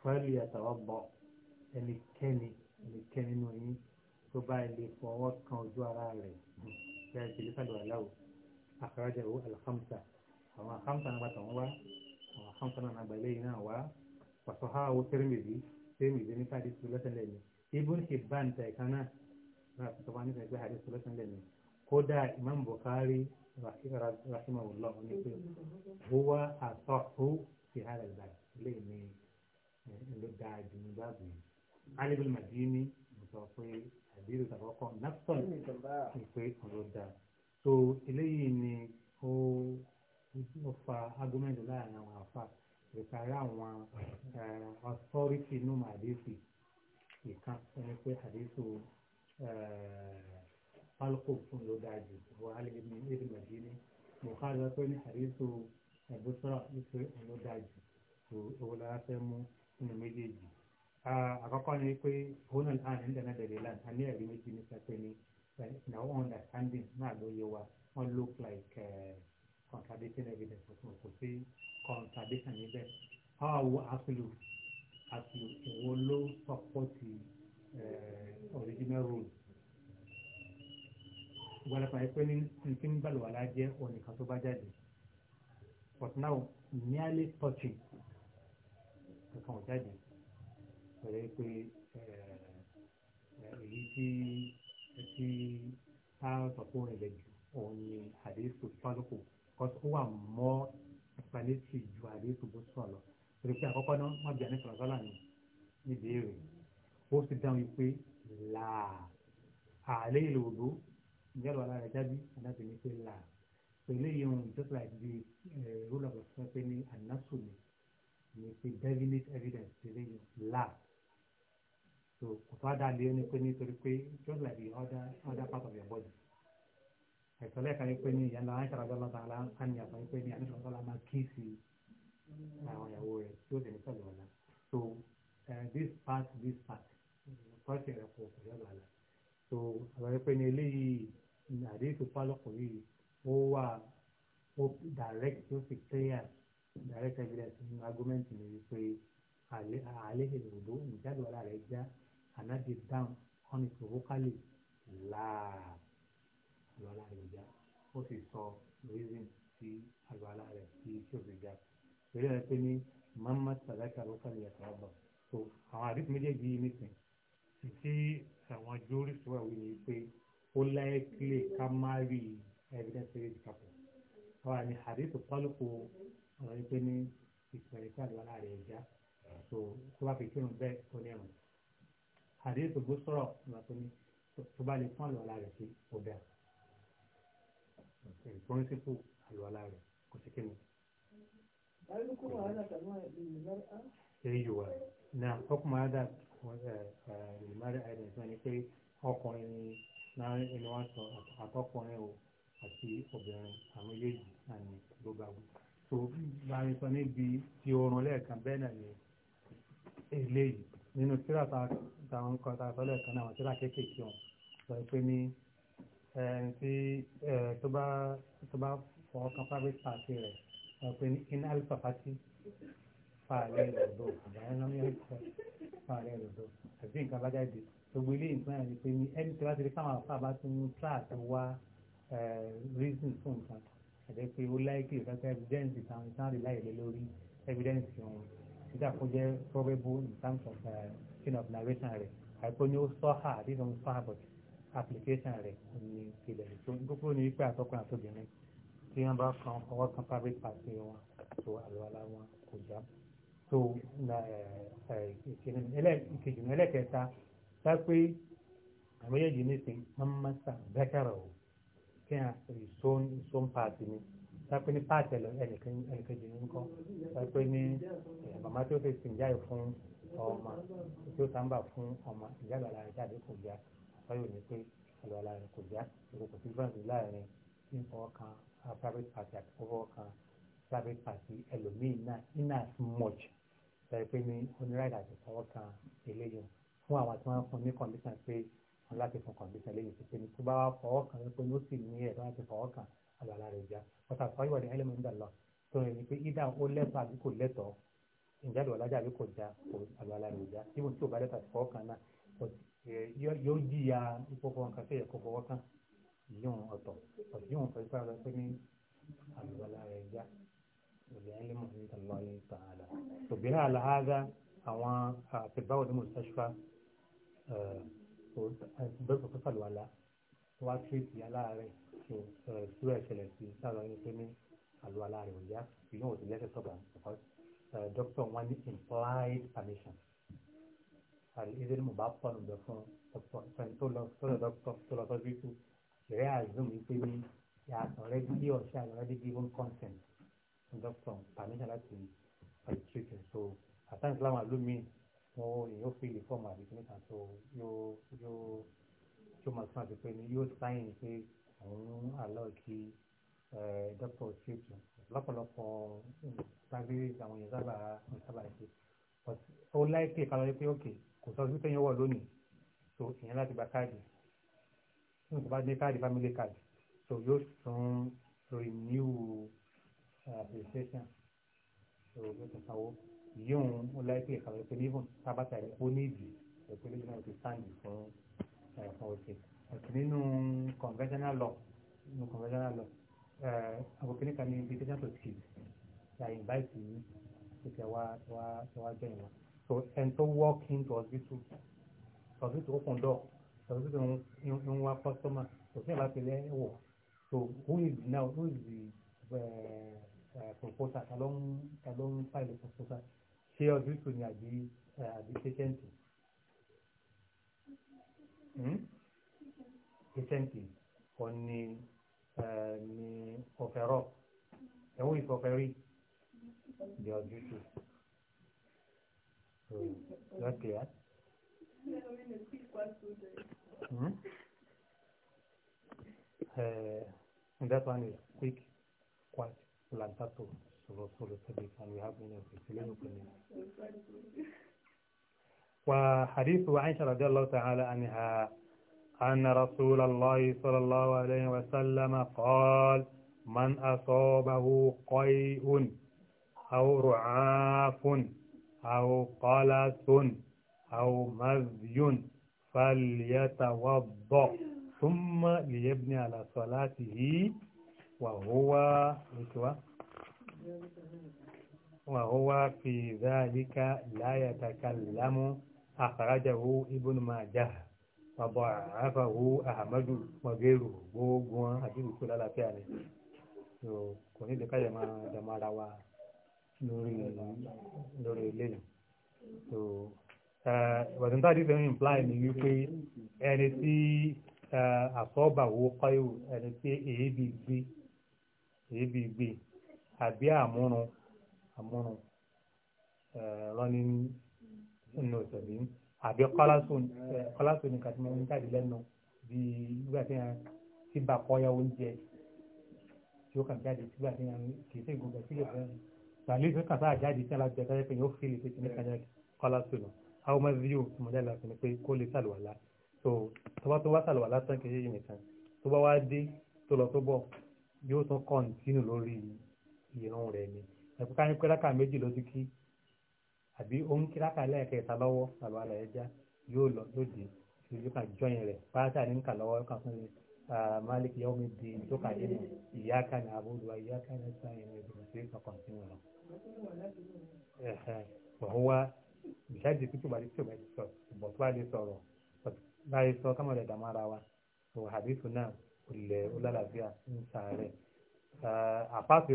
fẹ́ẹ́lì ẹ̀tọ́wọ́ bọ̀ ẹnikẹ́ni ẹnikẹ́ni nù yín tó bá ilé fọwọ́ kan ojú ara rẹ̀ bẹ́ẹ̀ ti lè sàlù aláwò àkàràjẹ̀ wò alhamsa àwọn alhamsa náà wọn wá àwọn alhamsa náà yìí náà wá fasaha wo tirmidhi tirmidhi ni kadi sulatan lẹni ibn hibban taikana rafitabani taikana hadi sulatan lẹni kódà imam bukhari rahimahullah ni pé huwa asahu fi hada albab lẹni eh, ló dáa ju ní báàbù yìí alibul madini sọ pé àdéhùn ìtàkọ́kọ́ nafsan ìpè ọ̀rọ̀ dáa so eléyìí ni ó fa argument láàrin àwọn àfa ìparí àwọn authority inú màdísì ìkan ẹni pé àdísù falco fún ló dájú wà á lè ní èdè màdíní bukhari wá pé ní àdísù ẹ̀bùsọ̀rọ̀ nítorí òun ló dájú tó owó lára fẹ́ mú nínú méjèèjì. àkọ́kọ́ ni pé òun náà láàrin ní dáná dẹ̀dẹ̀ láàrin a ní ẹ̀rí méjì nípa pé ní na understanding náà ló yẹ wa wọ́n look like. Uh, contradiction evidence ọ̀tún kò sí contradiction níbẹ̀ How wo asulu asulu ìwọ ló support eh, original rule ìwàlẹ̀ pàdé pé ní nǹkí ń bàlùwà lájẹ́ ònìkan tó bá jáde but now nearly touching nǹkan ò jáde pẹ̀lú pé eh, eh, èyí tí tí táwọn sọ fún ìrìnlẹ̀ jù òun ni àdéhùn fálùkù because ó wà mọ́ explanatory ju àdéhùn bó sùn lọ torí pé àkọ́kọ́ náà wọ́n bí àníṣe ọ̀sán lànà níbèrè ó sì dáhùn wípé là àlẹ́ ìlòdó ìjọba wà lára ẹja bí anábì ní pé là pẹ̀lú ìyẹn just like the eh, rule of the prophet ní anasu ni ní pé definite evidence pẹ̀lú ìyẹn là so kò tó àdá lé ní pé nítorí pé just like the other other part of your body àìsàn lẹ́ẹ̀kan yìí pé ní ìyá ńlá aṣọ àjọ lọ́ta àníyàn sọ pé ní àníṣọ́ sọ́lá máa kí sí àwọn ìyàwó rẹ̀ tí ó sì ní sọ̀rọ̀ ọ̀la so eh, this part this part kọ́ọ̀tì rẹ̀ kò kò yọ̀lọ̀ àlà so àwọn pé ní eléyìí àdéhùn pálọ̀kọ̀ yìí ó wà ó direct ó sì clear direct evidence nínú argument mi wípé àlẹ́ àlẹ́ ìlòdó ìjáde ọ̀la rẹ̀ já anadi down on it vocally. tògbó sọ̀rọ̀ ìgbà tó ní tó bá lè fún àlùwàlá rẹ̀ sí ọ̀dà ìfọ́nsípò àlùwàlá rẹ̀ kò sí kí ni. Eyiwa na ọkùnrin ada ìmárì àìdẹ̀sán ni pé ọkùnrin ni náà ẹni wá sọ àtọkùnrin o àti obìnrin àwọn yéèjì àmì ló bá wù. So bá a sọ níbi tí oorun lẹ́ẹ̀kan bẹ́ẹ̀ náà ni eléyìí nínú tíra táwọn kan tá a sọ lẹ́ẹ̀kan náà àwọn tíra kéékèèké wọn sọ pé ní ẹni tí tó bá tó bá fọwọ́ kan private party rẹ̀ sọ pé ní in alpha party fààrẹ lọ́dọ̀ àbáyé náà yẹn sọ fààrẹ lọ́dọ̀ àti nǹkan alájáde gbogbo ilé ìgbọ́n yẹn ni pé ní ẹni tí wọ́n ti rí káwọn afá bá ti mú tíra wá reason fún nǹkan àti pé ó láìkì ìfẹ́ evidence ìtàn ìtàn àdìláyè lé lórí evidence wọn sídà kó jẹ́ probable in terms of uh, chain of narration rẹ̀ àìpé ní ó sọ́hà àbí ìdánwò sọ́hà but application rẹ̀ ní ìpìlẹ̀ tó gbogbo ní wípé àtọkùnrin àtobìnrin tí wọ́n bá kan ọwọ́ kan private party wọn tó àlọ́lá wọn kò já tó uh, uh, ìkejì ní ẹlẹ́kẹta sápé àwọn méjèèjì ní sè mọ́mọ́sà bẹ́tẹ̀rẹ̀ o kí wọ́n ìsọ́n ìsọ́n pàtì ni sápé ní páàtì ẹnìkan ẹnìkejì ní nǹkan sápé ní màmá tó fi sìn jáì fún ọmọ tó sáńbà fún ọmọ ìyá àgbàlá rẹ jáde kò já sáyò ní pé àgbàlá rẹ kò já èrò kò sí fẹ́ǹsì láàrin nífọwọ́ kan private party àti fọwọ́ private party ẹlòmíì náà in as much sápé ní oníráìdà àti fọwọ́ eléyìí fún àwọn tí wọ́n fún ní condition pé wọ́n láti fún condition eléyìí pé tó bá fọwọ́ kan pé ó sì ní ẹ̀ láti fọwọ́ àbàlá rẹ̀ já ọ̀tà fáwọn ìwádìí ẹlẹ́mọ̀ ń dà lọ tó rẹ̀ ni pé ìdá ó lẹ́tọ̀ àbí kò lẹ́tọ̀ ìjádọ̀ ọ̀làjà àbí kò já àbàlá rẹ̀ já síbùn tí ò bá lẹ́tọ̀ àti fọwọ́ kan náà yóò jìyà ìfowópamọ́ nǹkan tó yẹ kó fọwọ́ kan yíyún ọ̀tọ̀ yíyún fẹ́ fẹ́ rẹ pé ní àbàlá rẹ̀ já ìwádìí ẹlẹ́mọ̀ ń dà lọ ní ìtàn àlà tòbí àlà ága àwọn àtẹ̀báwò ní mọ̀lẹ́sàṣúfà ìṣúra uh, ìṣẹ̀lẹ̀ sí sáwọn ẹni pé ní àlọ́ aláàrẹ̀ ò yá ìyá òsì lẹ́sẹ̀ sọ̀bà because doctor wọn ní implied permission àti ìdílé mo bá pọ̀ nùbẹ̀ fún doctor tó lọ doctor tó lọ sọ́jú tó ìrẹ́ àzùm pé ní yàtọ̀ rẹ bí ọ̀ṣẹ́ àlọ́ rẹ bí given consent doctor permission láti treat it so àtàǹtí láwọn àlùmí wọn yóò fi ìfọ̀mù àbí kí níta tó yóò yóò tó máa tún àti pé ní yóò sáyìn pé àwọn àlọ́ kí dọ́pọ̀ ṣètò lọ́pọ̀lọpọ̀ tàbí hm, àwọn èèyàn sábà sábà ṣe ó láìpẹ́ ká pé òkè kò sọ wípé yẹn wọ̀ lónìí so ìyẹn láti gba káàdì tí nǹkan bá ní káàdì family card so yóò tún renew registration so yóò tún sanwó yíyún ó láìpẹ́ ká pé níbùn tábàtà ẹ̀ ó ní ìdí ẹ̀ náà ti sáàyè fún ọ̀sẹ̀ nínú conventional law nínú conventional law eh, àbòkínní kan ní invitation to chief la invite yìí tètè wá wá wá jẹ́ ìwà so ẹni tó walk into hospital hospital open door hospital ń wá customer kò sí ìbátẹ̀lẹ̀ wọ̀ so who is now who is the uh, proposal ta ló ń ta ló ń file proposal ṣé hospital ni àbí àbí patient. Hmm? pẹ́sẹ́ǹtì òní ní ọ̀fẹ́rọ̀ ẹ̀wọ̀n ìfọ̀fẹ́rí di ọdún tó lọ́kẹ́ yá. Uh, that one is quick, quite plantato, solo solo service, and we have many of it. وحديث عائشة رضي الله تعالى عنها أن رسول الله صلى الله عليه وسلم قال من أصابه قيء أو رعاف أو قلس أو مذي فليتوضأ ثم ليبني على صلاته وهو وهو في ذلك لا يتكلم أخرجه ابن ماجه bàbá àfàwọ ahamadu mọgẹrù gbogbo wọn àti ìlú kúlá láfíà ni kò ní ìdíkàyẹ máa dàmú ara wa lórí lórí eléyìí ìwàdùn tàbí fẹ́ imply ni wípé ẹni tí àsọ́bàwò kọ́yò ẹni tí èébì gbé èébì gbé àbí àmúrun àmúrun lọ́ní nínú ìṣẹ̀lẹ̀ yìí àbí kọ́lásù ní kàtí máa ń jáde lẹ́nu bí nígbà tí wọ́n ti bá kọ́yà oúnjẹ tí ó kàn jáde sígbà tí wọ́n kì í sí ìgbọ̀ngàn sílẹ̀ fún un. gbàlẹ́ ìfẹ́ kàtà àjáde tí alájọ tẹ́lẹ̀ pé yóò fìlì pé kìíní kan jáde kọ́lásù lọ. àwọn ọmọ fídíò tí mo jáde láti ní pé kó lè sàlùwàlá tó tọ́wọ́ tó wá sàlùwàlá tán kì í ṣe nìkan tó bá wá dé tó lọ tó bọ̀ yóò tún kọ́ntínù lórí ìrun rẹ̀ ni. ẹ̀kú ká ní pẹ́ lákà méjì àbí òun kíláka lẹ́ẹ̀kẹta lọ́wọ́ bàbá rẹ̀ já yóò lọ lóde ìlú kan jọyìn rẹ̀ pátá ní nǹkan lọ́wọ́ kan fún mi malik yóò mi di jókà dé mọ̀ ìyá kan ní abúlé wa ìyá kan ní sáyẹn ní ìdìbò sí kankan sí wọn. wọ́n wá ìṣáàjì pípé wà lóṣù bá ti sọ ìbọ̀ tó bá lè sọ̀rọ̀ báyìí sọ kámọ̀ rẹ̀ dàmọ́ ara wa tó àbíkú náà kò lẹ̀ lálàáfíà ń sàárẹ̀ àpáàpì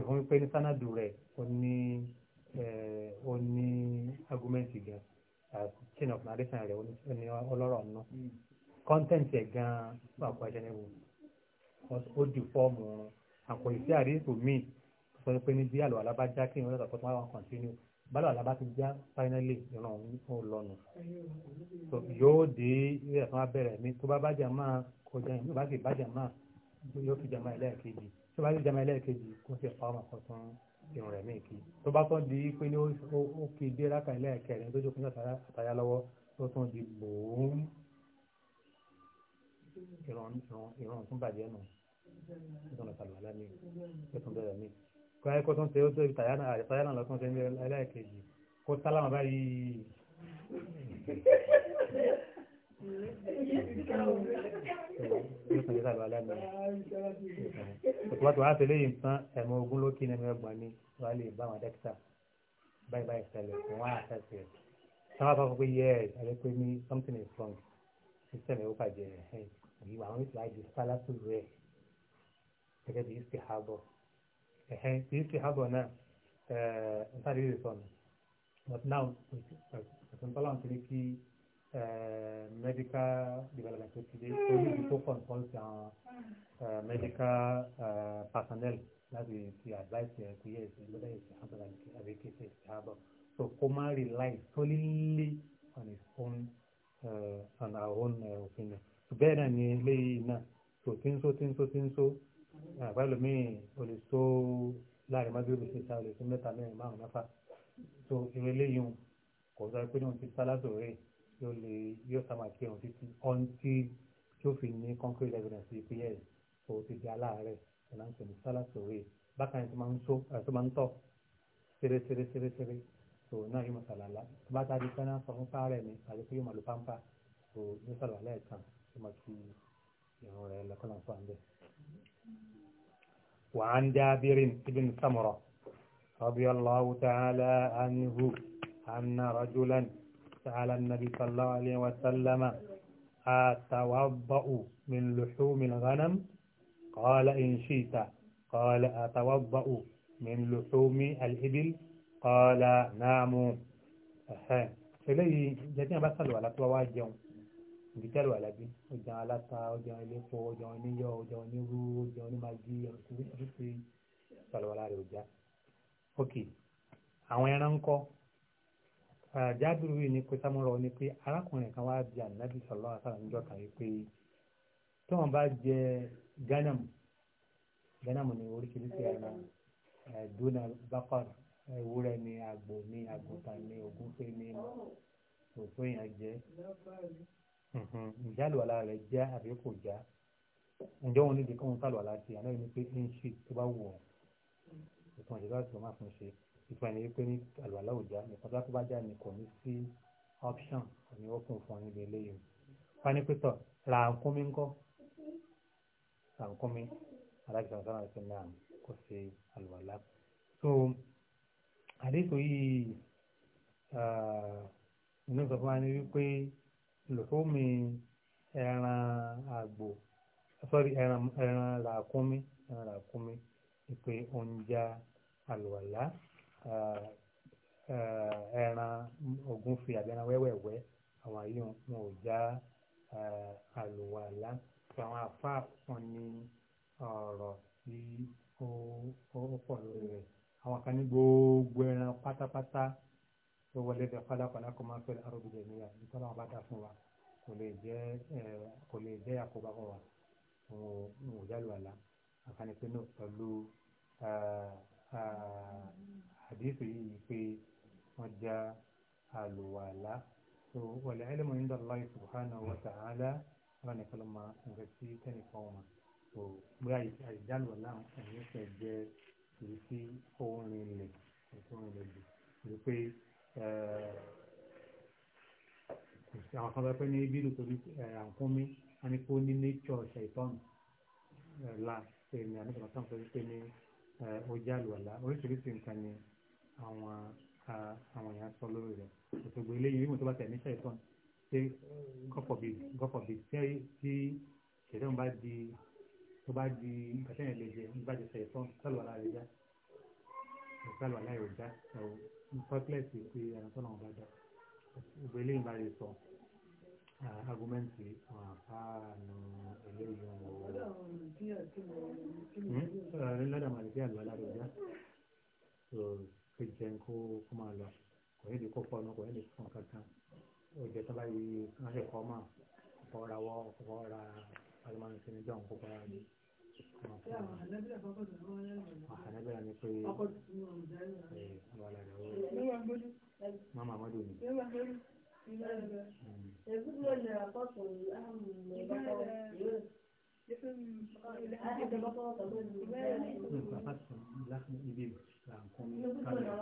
ó ní agumenti gan chain of narration rẹ̀ ó ní ọlọ́rọ̀ nù hmm. content ẹ̀ gan fún àpàṣẹ ní wò ó di fọ́ọ̀mù àpò ìṣe àdínkù míì sọ pé ní bí àlọ́ alábájá kí ni wọ́n lọ́sọ̀ fún àwọn continue bálọ̀ àlàbá ti já finally ìran òun ò lọ́nu yóò dé ilé ẹ̀fọn abẹ́rẹ́ mi tó bá bájà máa kọjá yìí tó bá sì bájà máa yóò fi jàmá ẹlẹ́ẹ̀kejì tó bá sì jàmá ẹlẹ́ẹ̀kejì kó sì pa ọmọ kan tán ìrùn rẹ̀ míì kí tó bá tán di pé ní ó kí dé rákà ilé ẹ̀kẹrin tó jókòó náà àtàyà lọ́wọ́ tó tún di gbòòm ìrùn tún bàjẹ́ nù ìtọ́nà sàlùwàlá ní ẹ̀tún bẹ̀rẹ̀ míì kó ayé kó tún ṣe ó tó ìtàyà náà àtàyà náà lọ́tún ṣe ní ẹlẹ́ẹ̀kejì kó sálámà báyìí. Òtùwà tó wá sí léyìn tán ẹ̀mọ ogun ló kí ní ẹ̀mọ ẹgbọ̀n ni wà lè bá àwọn dẹ́kítà báyìí báyìí ṣẹlẹ̀ fún wọn àtẹ̀sẹ̀. Táwọn afọ fún pé yẹ ẹ̀ ẹ̀rẹ́ pé ní something is wrong system ẹ̀ ó bàjẹ́ ẹ̀ èyí àwọn ìṣẹ̀lẹ̀ àìdí sálásù rẹ̀ gẹ́gẹ́ bí ìṣẹ̀ àbọ̀. Ẹ̀hẹ́n ti ìṣẹ̀ àbọ̀ náà ẹ̀ẹ́n sáré rẹ̀ sọ̀nù. But now, ọ̀sán tọ́lá Euh, medical development tó ti dé orí ibi tó kọ̀ǹtọ́n sí àwọn medical euh, personnel láti fi advice ẹ̀ pé yẹ̀ sí lọ́dọ̀ yẹ̀ sí àbọ̀là àbí kéṣe sí àbọ̀ so kó má rely solely on his own uh, on our own uh, opinion bẹ́ẹ̀ náà ni eléyìí náà tó tí ń so tí ń so tí ń so àgbàlù míì o lè so láàrin mágírìbì sí ìta o lè so mẹ́ta mẹ́rin márùn-ún mẹ́fà so ìrẹ́lẹ́yìn kò sọ pé ní wọ́n ti sá látòrí yóò lè yóò sábà kí ẹ̀hún títí ọ̀ǹtí tó fi ní concrete evidence yìí pé ẹ̀ tó ti di aláàárẹ̀ ẹ̀ náà ń pè ní sálàtòrè bákan ẹ̀ tó máa ń tó ẹ̀ tó máa ń tọ̀ ṣeré ṣeré ṣeré ṣeré tó náà yóò máa sàlàlá tó bá ta di pẹ́ náà sọ fún pààrẹ̀ mi àti pé yóò máa lo pampa tó yóò sàlàlá ẹ̀ kan tó máa fi ìrún rẹ̀ lọ́kọ́ náà fún àǹdẹ̀. وعن جابر بن سمرة رضي الله تعالى عنه أن رجلا على النبي صلى الله عليه وسلم أتوضأ من لحوم الغنم قال إن شئت قال أتوضأ من لحوم الإبل قال نعم eléyìí jẹ́ tí wọ́n bá sàlùwà látọ́ wá jẹun ìdíkẹ́rù àlàbí ó jẹun aláta ó jẹun elépo ó jẹun oníyọ ó jẹun onírú ó jẹun oríṣiríṣi sàlùwà lára ò ok àwọn ẹran ń kọ́ jábìrì yìí ni pé sámúrọ̀ ni pé arákùnrin kan wá di ànábì sọ̀rọ̀ àtàrà níjọ́ kan yìí pé tí wọ́n bá jẹ ganam ganam ni oríṣiríṣi ẹran dúnà bákọ́rù ewúrẹ́ ni àgbò ni àgùntàn ni ògúnfẹ́ ni òfin yẹn jẹ́ ìjálù àlá rẹ̀ jẹ́ àbí kò já ǹjẹ́ wọn níbi kí wọ́n sálọ̀ àlá ti àná yìí ni pé ń ṣe tó bá wù ọ́ ìtàn ìjọba tó máa fún ṣe ìtumọ̀ ẹni pé ní àlùwàlá òjá nìkan tó bá já ni kò ní sí option kò ní open fún níbi eléyìí wọn ní pẹ́tọ̀ ràǹkúnmí ńkọ́ ràǹkúnmí aláìsàn sábà ṣe náà kò sí àlùwàlá. so àdéhùn yìí inú sọ fún wa ní wípé lùfọ́ọ̀mì ẹran àgbò sọ́rí ẹran làkúnmí ẹran làkúnmí ìpè oúnjẹ àlùwàlá. Eh, eh, ẹran ògúnfe àbí ẹran wẹ́wẹ̀wẹ́ àwọn yìí wọn ò já eh, àlùwàlá àwọn àfáà wọn ní ọ̀rọ̀ tí ó pọ̀ lórí rẹ̀ àwọn kan ní gbogbo ẹran pátápátá tó wọlé bẹ fálákọ̀ọ́lá kó máa ń fẹ́rẹ̀ arúgbó jẹ níyà nípa láwọn bá dà fún wa kò lè jẹ́ kò lè jẹ́ àkóbá fún wa wọn ò já àlùwàlá àkànní pé náà pẹ̀lú àdéhùn yìí pé wọ́n já àlùwàlá so wal ilmu inda Allah subhanahu wa ta'ala wọn nìkan ló máa nǹkan sí tẹnìkan wọn so bóyá àìjálùwàlá ẹ̀yìn fẹ́ jẹ́ èyí tí ó ń rinlẹ̀ èyí tó ń rinlẹ̀ jù èyí pé kò sí àwọn kan bá pẹ́ ní bílù torí àǹkómi a ní kó ní nature ṣàìtọ́nù la ṣe ní àníkàtà sọ̀rọ̀ pé ní ó jálùwàlá oríṣiríṣi nǹkan ni àwọn àwọn èèyàn sọ lórí rẹ̀ òṣogbo eléyìí ìmọ̀ tó bá tẹ̀ ní ṣẹ̀tàn ṣé gọ́fọ̀bì gọ́fọ̀bì tí ṣẹ̀tàn bá di tó bá di ìgbàsẹ́yìn lè jẹ bá di ṣẹ̀tàn sálọ̀ ara rẹ̀ já sálọ̀ ara hmm? rẹ̀ já tọ́tílẹ̀tì pé ẹran tọ́nà ọba já òṣogbo eléyìí bá rẹ̀ sọ argumenti fanno eléyìí wọn. lọ́dà màlìkí àlùwalá rẹ̀ já kó jẹ kó kó máa lọ kò ní di kó fọnù kò ní di fún kankan ó jẹ tó bá yí wọn ṣe kọ́ mọ́ ọ̀pọ̀ ra wọ́ ọ̀pọ̀ ra alimọ́ni sí ní jọ̀ ń kó kọ́ra ni. àhànàbẹ́rẹ́ ni pé mama amadu ni. Ibi hmm. hmm rànkúnmí kàdà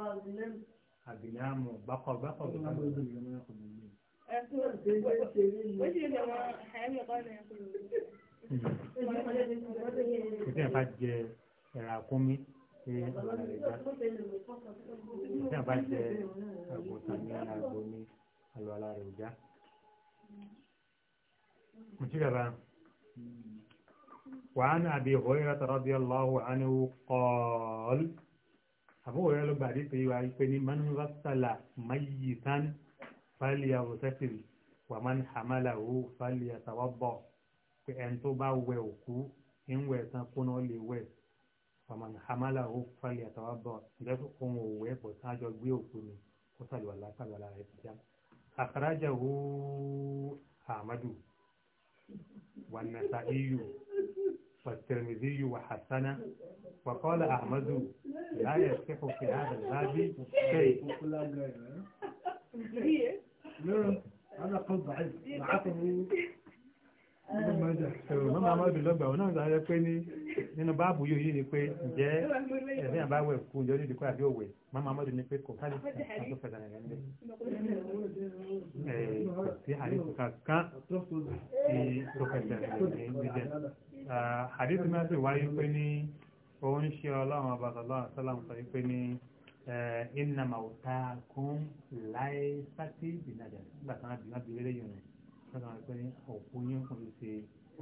àbílámù bákọ̀ bákọ̀ bí káàdì. kò tí ì bá jẹ rànkúnmí ṣe ọ̀làlẹ̀ gbà kò tí ì bá jẹ àgùntàn ní àgbo ní àlọ́lá rẹ̀ já. مجربا وعن أبي هريرة رضي الله عنه قال àbúrò rẹ ló gbàdí pé wà pé ní manúfàsálà mayi tán fàlíà òsẹ́sìrì wà man hamala owó fàlíà sàwọ́bọ̀ pé ẹni tó bá wẹ òkú ń wẹ̀ tán kó náà lè wẹ̀ man hamala owó fàlíà sàwọ́bọ̀ ìdẹ́kùn ohun òwò ẹ̀pọ̀ tán àjọ gbé òkú ni ó sàlùwàlá sàlùwàlá rẹ̀ ti já. àkàràjà wo ahmadu wà nàṣà iyù. والترمذي وحسنه وقال أحمد لا يصح في هذا الباب شيء هذا قول ضعيف ẹ̀rọ mọ́mọ́ amadu lọ́gbà ọ̀nà ìgbà rẹ pé ní nínú báàbù yóò yí ni pé ǹjẹ́ ẹ̀sìn àbáwẹ̀ kú ǹjọ́ ní ìdíkọ́ àbí òwe mọ́mọ́ amadu ní pé kò sáré tó fẹ̀sẹ̀ rẹ̀ nílẹ̀ kò sí àríkù kankan tí tó fẹ̀sẹ̀ rẹ̀ nílẹ̀ àdéhùn ní òun ṣe ọlọ́run ọba sọlọ́run pé ní sọ́nà pé òkú yín kò lè ṣe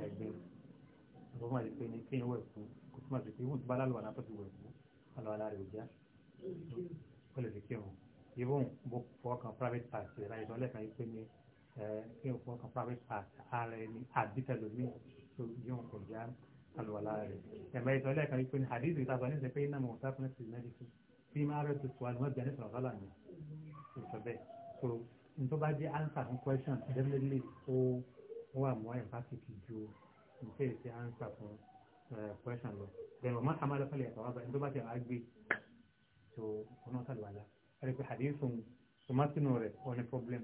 ẹ̀gbin ọ̀pọ̀ máa ti pé ní kéèyàn wẹ̀ fún kò tó máa ti pé ìwọ̀n bá lálùwà náà tó ti wẹ̀ fún alọ́wàlá rẹ̀ ò já ó lè fi kírun ìwọ̀n bó fọwọ́kan private part rẹ̀ láyé tó lẹ́ẹ̀kan yìí pé ní kéèyàn fọwọ́kan private part ara ẹni àbítẹ̀lómi tó yíwọ̀n kò já alọ́wàlá rẹ̀ ẹ̀mẹ́ ìtọ́ lẹ́ẹ̀kan yìí pé ní hadith ìtàgbà ní ìsẹ̀pẹ́ iná mọ̀ ní tó bá jẹ́ answer fún question definitely ó wà mọ́ empathic ju nǹkan èsì answer fún eh, question lọ then ọmọ kàmá lọ fẹlẹ ẹ̀fọ́ wá bá ní tó bá ti wá gbé so ọmọ kàlù wàlá ẹ̀rẹ́ pé àdéhùn tòmátìnù rẹ̀ ọ̀ ní problem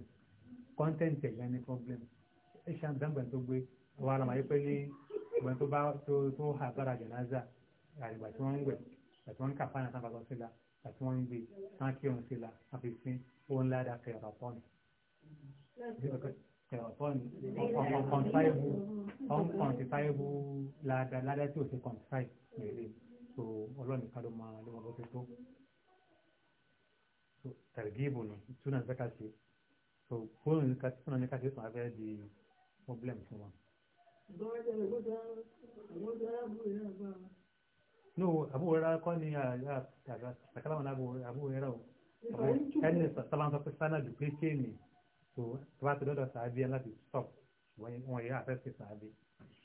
content ẹ̀ yẹn ní problem ẹ̀ ṣe àdáǹgbà tó gbé àwọn àlàmà yìí pé ní ìgbà tó bá tó hà sára jẹ̀náza àgbà tí wọ́n ń wẹ̀ àti wọ́n ń kàfánà sábà lọ sí la àti wọ́n ń gbé sáà kí òun sí la àfi sí òun ládàá fẹ̀rẹ̀ pọ̀ nù ọ̀nkọ̀ntífáìbù ládàá ládàá tí ò sí kọ̀ntífáì lèrè so ọlọ́ọ̀nì ká ló máa ló máa bó ti tó so tẹ̀rẹ̀gíìbù ni túnà nípa ṣe so fóònù nípa túnà nípa ṣe di problem fún no àbúrò rẹ kọ́ ni àkàlà wọn àbúrò rẹ o ẹni sàlámù sọ pé sánà dùpé kéènì so tọ́ba ti lọ́dọ̀ sàábí aláti stop wọ́n yẹ àfẹ́sẹ̀ sàábí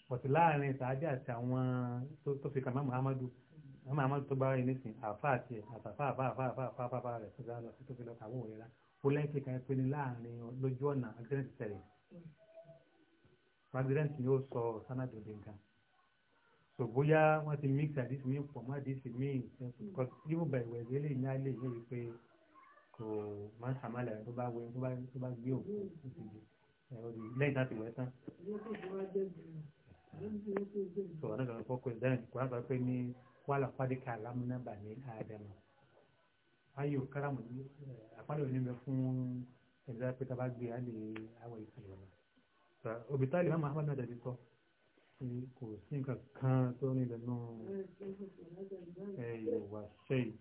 but láàrin sàábí àti àwọn tó fi kàn mọ́mọ́ amadu mọ́mọ́ amadu tó bá rẹ̀ nísìn àfa àti àtàfà àfa àfa àfa àfa àfa rẹ̀ tó gbà lọ sí tó fi lọ kàwọ́ òyìnbá ó lẹ́yìn kíkà pé ní láàrin lójú ọ̀nà accident tẹ̀lé accident ni ó sọ sanadu di nǹkan so bóyá wọ́n ti mix àdísì mi pọ̀ mọ́ àdísì mi because even by wẹ̀ẹ́dẹ́lẹ̀ ní alẹ́ yìí wípé kò má sàmálẹ̀ tó bá wẹ tó bá gbé òkú lẹ́yìn láti wẹ̀ tán. sọ̀rọ̀ náà kan fọ́kọ̀ ìdáhùn kúrò àgbà pé ní wàhálà pàdékà alámúnábà ní àdàmà ayò káràmù àpáàdé òní bẹ fún ẹ̀dá pé tá a bá gbé àlè àwọ̀ ìfìyà náà. òbítàlì máa máa náà dàbí tọ́ kò sí nǹkan kan tó ní lẹ́nu ẹ̀yọ̀ wà sẹ́yìn.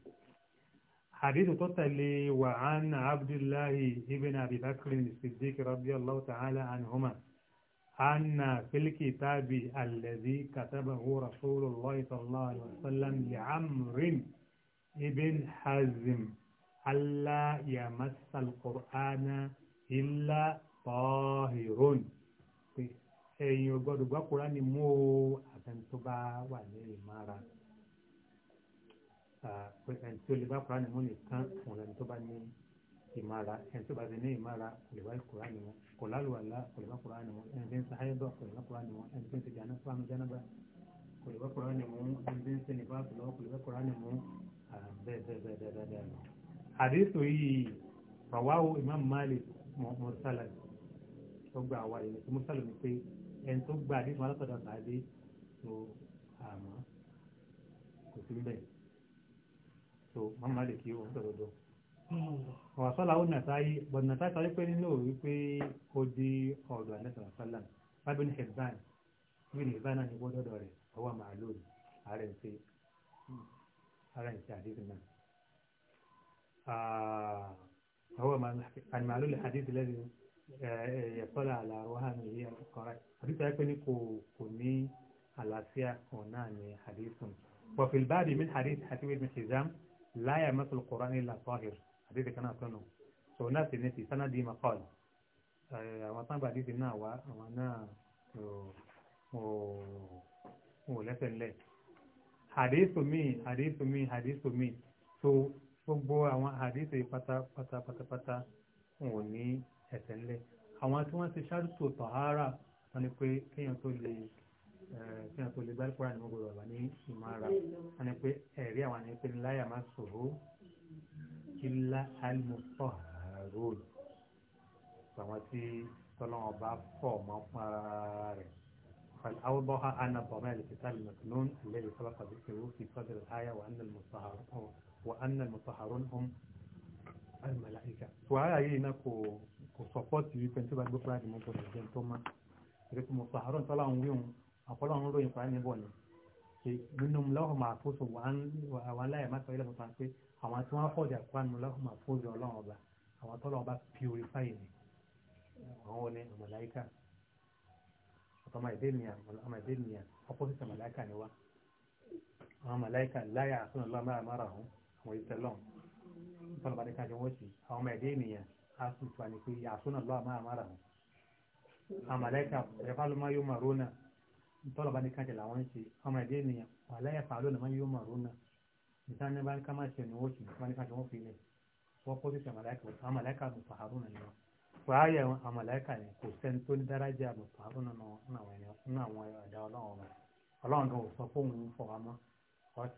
حديث تتلي وعن عبد الله ابن أبي بكر الصديق رضي الله تعالى عنهما أن في الكتاب الذي كتبه رسول الله صلى الله عليه وسلم لعمر ابن حزم ألا يمس القرآن إلا طاهر أي يقول القرآن مو أتنتبع وعليه مارا pé ẹni tó lè bá kúránì mú nìkan òun lẹni tó bá ní ìmára ẹni tó bá ti ní ìmára kò lè bá kúránì mú kò lálùwàlá kò lè bá kúránì mú ẹni tí ń sáyé bọ̀ kò lè bá kúránì mú ẹni tí ń ti jàná fáwọn jánábà kò lè bá kúránì mú ẹni tí ń ti nìbá fúlọ́ kò lè bá kúránì mú bẹ́ẹ̀ bẹ́ẹ̀ bẹ́ẹ̀ bẹ́ẹ̀ bẹ́ẹ̀ lọ. àdéhùn yìí rọ̀wáwó imam Mali mọ́sálà tó gba àwa ìrìn tó mọ́sálà ni pé ẹni tó gba àdéhùn alátọ̀dọ̀ tàbí tó àmọ́ kò sí so màmá lè kí o sọ̀rọ̀dọ̀ hmm. ọ̀rọ̀ sọ́la ó nàta yìí bọ̀dù nàta sọ wípé nínú òwe pé ó di ọ̀dọ̀ àlẹ́sọ̀rọ̀ sọ́la bábí ní hezban bí ní hezban náà ní gbọ́dọ̀ rẹ̀ ọwọ́ màálù ààrẹ ń ṣe ààrẹ ń ṣe àdéhùn náà هو المعلول الحديث الذي يطلع على وهمه القرآن حديث يكون كوني على سياق هنا حديث وفي الباب من حديث حسيب بن حزام láyà mẹ́sàn kọ́ránì là sọ́hìr àdéhùn kan náà tọ́nu so náà sì ní ti sanadi makol àwọn sábà dídì náà wá àwọn náà ò lẹ́sẹ̀ ńlẹ̀ àdéhùn mi àdéhùn mi àdéhùn mi so gbogbo àwọn àdéhùn pátá pátá pátá pátá ò ní ẹsẹ̀ ńlẹ̀ àwọn tí wọ́n ti ṣáàtò tọ̀hárà wọ́n ní pé kéèyàn tó lè tí wọn kò lè gbá kúrò àníwó gbọdọ̀ wà ní ìmọ̀ra wọn ni pé ẹ̀rí àwọn àníwó pé láyà máa sòrò ilá alimọ̀tọ̀ àrùn àwọn tí tọ́lọ́wọ́n bá fọ̀ mọ́ fún ara rẹ̀. فالأوضح أن ضمان القتال المكنون الذي سبق ذكره في صدر الآية وأن المطهرون وأن المطهرون هم الملائكة. وهذا هنا كو كو سبوت يمكن تبقى بكرة ممكن تجمع توما. المطهرون طلعوا يوم ọ̀pọ̀lọ́ ń ròyìn pa níbọ̀ ni nínú lọ́hùn máa fóso àwọn aláì má sọ ilé mọ̀tàn pé àwọn tí wọ́n fọ̀jà pa nínú lọ́hùn máa fóso ọlọ́run ọba àwọn tọ́lọ́ ọba purify ni àwọn ni màláíkà ọmọ ìdẹ́nìyà ọmọ ìdẹ́nìyà opposite màláíkà ni wá àwọn màláíkà láyà àtúnà lọ́mọ àmàrà ọ̀hún àwọn ìtẹ̀lọ́n tọ́lọ́ bá dé káàkiri wọ́n sì àwọn ọmọ ìdẹ́nìyà á sì fani pé àtúnà lọ́mọ àmàrà ọ̀hún àwọn màláíkà ẹ̀fà ló máa yóò máa rónà tọ́lọ̀ bá ní kájẹ̀ làwọn ń ṣe ọmọ ẹ̀dẹ́ ènìyàn wà láyà fàálù ọ̀nà máa yóò mọ̀ ọ̀rọ̀ náà níta ní bá ní ká máa ṣe ni wọ́n ṣe wọ́n ní kájẹ̀ wọ́n fi lẹ̀ wọ́n kó sísè àmàlẹ́kà àmàlẹ́kà àbò fàárù náà yẹn fàáyà àmàlẹ́kà yẹn kò sẹ́ni tó ní dárájà àbò fàárù náà nínú àwọn ẹ̀dá ọlọ́run ọ̀rọ̀ ọlọ́run kan ò sọ fóun fọwọ́ mọ́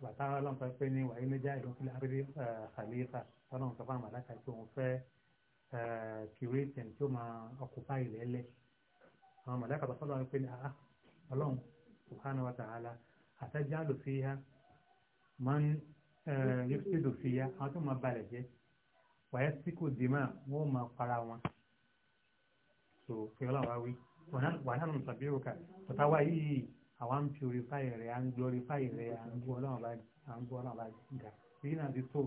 bàtà ọlọ́run kan pé ní wàyí ló já ìdún fílẹ̀ àrírí khalifa ọlọ́run kan fún àmàlẹ́kà ọlọ́run subhanahu wa ta'ala àtẹ́jáàlù fi ha máa ń yíṣẹ́dù fi ha àwọn tó máa balẹ̀ jẹ́ wàyẹ́ síkò dìímà wọ́n máa para wọn so fi ọlọ́run wá wí wà náà nùsàbí òkà tọ́ta wá yìí àwa ń purify rẹ̀ à ń glorify rẹ̀ à ń gbọ́ ọlọ́run bá à ń gbọ́ ọlọ́run bá ga èyí náà ti tó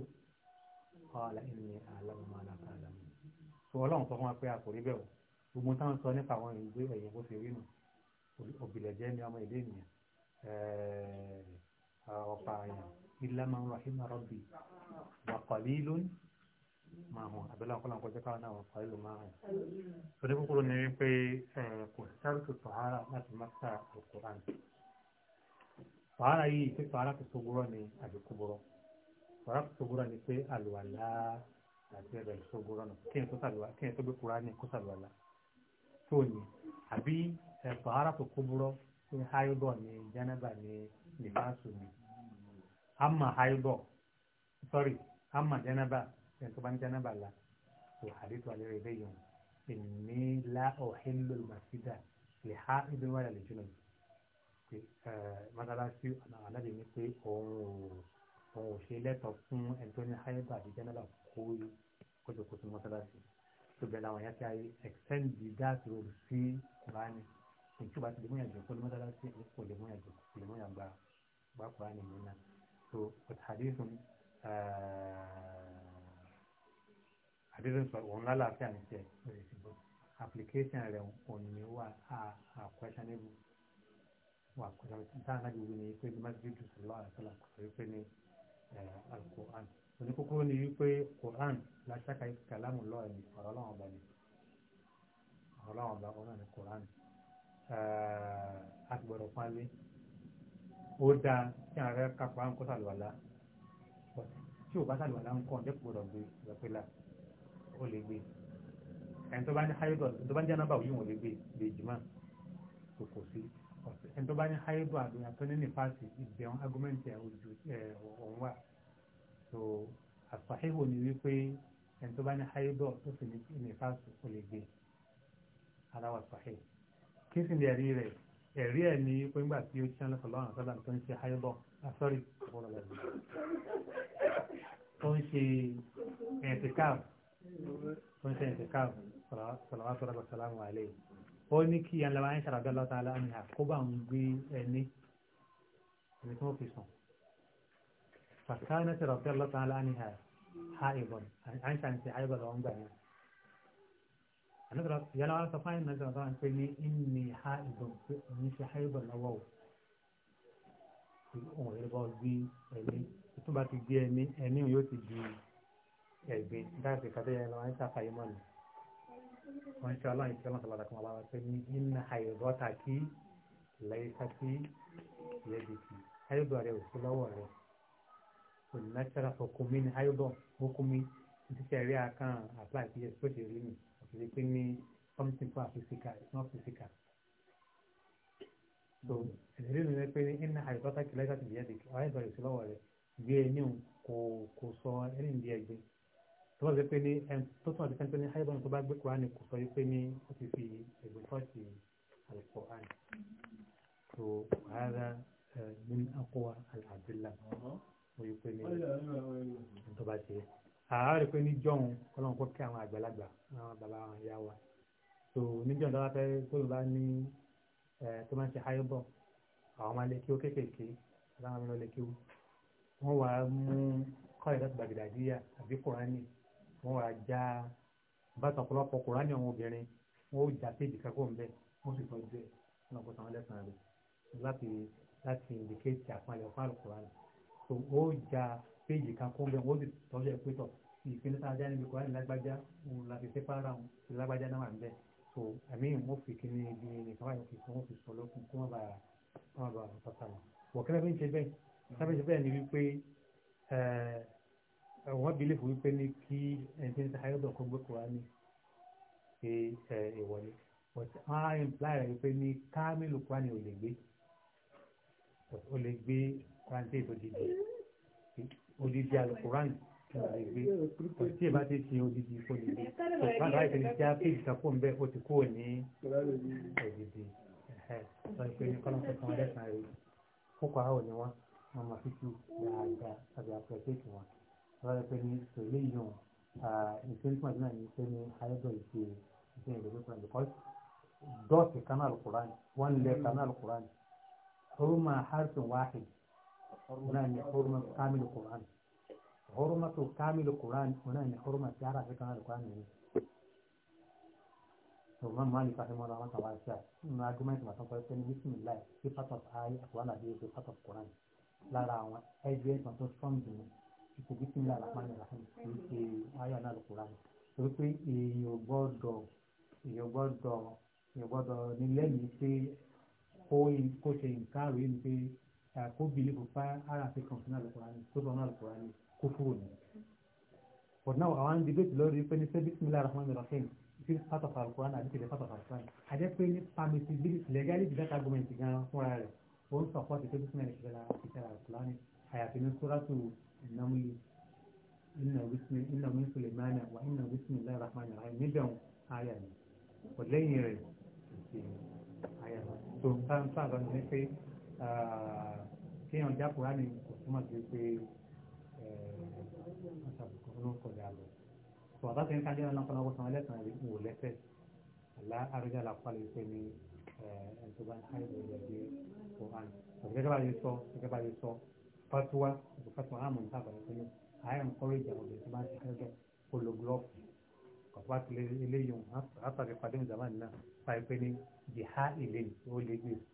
ọ̀la ẹni àlọ́mọ alábàálà so ọlọ́run sọ fún wa pé a kò rí bẹ́ẹ̀ o gbogbo táwọn sọ nípa àwọn ìwé ẹ̀yìn bó ṣe rí nù òbílẹ̀jẹ́ ni ọmọ ìdí ènìyàn eh, eh, ọ̀pá àyàn ilá máa ń rahim rọ́bì wà kọ̀lí lónìí máa hàn abẹ́lá ọ̀kọ́lá ọ̀kọ́ jẹ́ káwọn náà wà kọ̀lí ló máa hàn. sọdí kúkúrú ni wípé eh, kò sáré tó tọ̀hárà láti máta alukoran tọ̀hárà yìí pé tọ̀hárà tó sógúrọ̀ ni àdìkúbọ̀rọ̀ tọ̀hárà tó sógúrọ̀ ni pé àlùwàlá àti ẹ̀rẹ̀ sógúrọ̀ nù kí n tó gbé kúránì kó sàlùwàlá tó ní àbí tọ̀hárà tó kó burọ́ ní háyúdọ̀ ní jẹ́nẹ́bà ní nìbáṣù ni ama háyúdọ̀ sọ́rí ama jẹ́nẹ́bà ẹni tó bá ní jẹ́nẹ́bà la tó hadith alẹ́ rẹ̀ bẹ́yìn ìní la ọ̀hìnlò màsídà lè ha ibi wàlẹ̀ lè jùlọ pé mọ́tàlásí aláàbí ni pé òun ò ṣe lẹ́tọ̀ fún ẹni ní háyúdọ̀ àti jẹ́nẹ́bà kó kójú kó sí mọ́tàlásí tó bẹ̀rẹ̀ àwọn yàtí tí o bá ti lè múyàn jù kó lè mọ́ dára sí kó lè múyàn jù kó lè múyàn gba gba kura ni mu náà so but hadithun hadithun sọ òun lálàáfíà ní tiẹ̀ ó lè application rẹ̀ òun ni wà á à questionable wà questionable táwọn náà gbogbo ni pé bí masjid sallallahu alaihi wasallam kò sọ wípé ní alukur'an oníkókó ni wípé quran láṣáka kalamu lọ́ọ̀ ni ọ̀rọ̀ ọlọ́wọ̀n ọba ni ọ̀rọ̀ ọlọ́wọ̀n ọba ọ̀rọ̀ ni quran àgbọ̀dọ̀ eh, pálí ó dáa tí àwọn afẹ́ kápá ń kó sàlùwàlá tí ò bá sàlùwàlá ń kọ́ ǹjẹ́ kò gbọdọ̀ gbé ìrọ̀pẹ́lá ó lè gbé ẹni tó bá ní haidọ̀ tó bá ń jẹ́ nọ́mbà yìí wọ́n lè gbé lè jùmọ̀ kò kò sí ẹni tó bá ní haidọ̀ àbíyàn tó ní nípaàsì ìbẹ̀wọ̀n agọ́mẹ́ntì ọ̀hún wà so àfàhíhò ni wípé ẹni tó bá ní haidọ̀ tó sì ní nípaàsì ó lè gbé aláwọ̀ àfàhíhò kí sì ní ẹ̀rí rẹ̀ ẹ̀rí ẹ̀ ní pé ńgbà tí ó ṣiṣẹ́ lọ́sọ̀lọ́ àwọn sọ́dà tó ń ṣe háyọ́bọ̀ àsọ́rí ah, tó ń ṣe ẹ̀ǹtìkáàbù tó ń ṣe ẹ̀ǹtìkáàbù sọ̀lọ́wọ́ sọ́dà sọ́lámù àlẹ́ ó ní kí ẹn lọ́wọ́ àyíṣà rọ̀bẹ́ lọ́ta aláàmì àkóbá ń gbé ẹni ẹni tó fi sùn fàkánà ti rọ̀bẹ́ lọ́ta aláàmì ha ìbọn àyíṣà ń ṣe háyọ́bọ̀ lọ́wọ́ ń gbà yẹn àlọ́sọ̀rọ̀ ìyálà wa sọ fáyìn náà sọ̀rọ̀ pé ní ìní ha ìbọn pé òun ṣe ha ìbọn lọ́wọ́ o òun ò lè bọ́ gbé ẹ̀mí tó bá ti gbé ẹ̀mí ẹ̀mí yóò ti di ẹ̀gbin dáàbì kàtó yẹn lọ́wọ́ ń ṣàfàyè mọ́ ni wọ́n ṣe ọlọ́run ṣe ọlọ́run sọ̀rọ̀ àdàkùn ọlọ́run pé ní ìní ha ìbọn ta kí lẹ́yìn ká sí ìyẹ́bìtì ha ìbọn rẹ̀ ò sí lọ́wọ́ rẹ̀ kò ní láti ṣe kò sí pé ní something for physical it's not physical. so ìdílé mi pé ní ẹnna àìsọ́tà kìlá ìgbà tó yẹ kí ọ̀rẹ́ ìbẹ̀rẹ̀ sí lọ́wọ́ rẹ̀ gbé ẹni kò kò sọ ẹni ìdí ẹgbẹ́ tó wọ́n sọ pé ní tó tún àti pé ní àìsọ́tà tó bá gbé kúránì kò sọ pé ní ó ti fi ègbè tọ́ọ̀tì àlùkòrán so wàhálà min akọwa àlàdìlà wọ́n yí pé ní tó bá ṣe é àárẹ̀ pé níjọ́hun ọlọ́run kó kí àwọn àgbàlagbà àwọn bàbá àwọn ìyá wa tó níjọ́hun tó bá fẹ́ tó bá ní tó máa ń ṣe háyébọ̀ àwọn máa lè kí ó kéékèèké láwọn máa lè kí ó wọ́n wá mú kọ́lẹ̀ láti gbàgìdàdíyà àbí kùránì wọ́n wá já bàtà ọ̀pọ̀lọpọ̀ kùránì àwọn obìnrin wọ́n ó já péjì kakó ń bẹ́ wọ́n sì tọ́jú ẹ̀ wọ́n kó já péjì kan kó bẹ́ẹ̀ wọ́n sì tọ́jú ẹ̀ pétọ̀ ìpinnu tá a já níbi kọ́rin lágbájá òun la fi sépá ara òun ti lágbájá náà wà níbẹ̀ so àmì ìwọ́n fi kíní ibi nìkan báyìí kì í wọ́n fi sọ lókun kó má bàa kó má bàa pàtà lọ. wọ̀kẹ́lẹ́ bí ń ṣe bẹ́ẹ̀ sábẹ́ ṣe bẹ́ẹ̀ ni wípé wọ́n bílẹ̀ fún wípé ní kí ẹni tí ń ta ayọ́dọ̀ kó gbé kúránì ṣe ìwọlé but wọ́n á imply rẹ̀ wípé ní kámílù kúránì ò lè gbé ò lè gbé kúránì tó dìde odidi alukuran tí wọ́n lè gbé kò tí ì bá ti sin odidi kò lè gbé kò bá láì fi já péjì sàkó ń bẹ́ ó ti kó ní odidi sọ pé ní kọ́nà tó kàn lẹ́sàn-án rẹ̀ kókò àwọn ni wọ́n wọ́n máa fi tú dáadáa àbí àpẹ̀tẹ́kì wọn wọ́n pẹ́ ní tòlé yìí nítorí pàdé náà ní pé ní ayọ́dọ̀ ìṣe ìṣe ìdòdó kan because dọ́ọ̀tì kanáà lùkùrán one lẹ́ẹ̀ kanáà lùkùrán rúmà harsun wáhìd náà ní hurma kamilu quran hurma tó kamilu quran náà ní hurma tí ara fi kan alukuran nìyí. to man mali fa himo la mata wasa na argument ma san fasen bismillah ki fatat ay wala bi ki fatat quran la la wa ajwe ma to from din ki bismillah rahman rahim ki aya na quran to pe yo godo yo godo yo godo ni le ni pe ko in ko se in karo in pe kó bìlífù pa aráàfin kan fún alukurani tó bá wọn alukurani kó fúrò ní. but now àwọn debate lórí pé ní sẹ́bí bismillah rahman rahim ti part of alukurani àti kìlẹ̀ part of alukurani àjẹ́ pé ní permissibility legality data gọ́ọ̀mẹ̀ntì gan fúnra rẹ̀ ó ń support pé bismillah Suratu ìṣẹ̀lẹ̀ alukurani àyàfi ní sóràtù ìnáwó إنه بسم إنه من سليمان وإنه بسم الله الرحمن الرحيم ندعو آيات ولين يريد آيات ثم فان فان فان Ah, kéèyàn já kúránì kò túmọ̀ sí pé eh, wọ́n ṣàbùkù ló ń kọjá lọ. sọ àbá kẹ́ńtà jẹ́ ọ̀nà kan ọgbọ́n ẹlẹ́sìn rẹ̀ wò lẹ́sẹ̀ àlá àrùjá làpá lè pé ní eh, ẹni tó bá ń há ìwé rẹ̀ dé kúránì. gẹ́gẹ́ bá yẹ sọ gẹ́gẹ́ bá yẹ sọ fatuwa kò fatuwa àmọ̀ nípa àbàlẹ̀ pé à ń kọ́rẹ́jì àwọn obìnrin tó bá ń ṣe ẹgbẹ́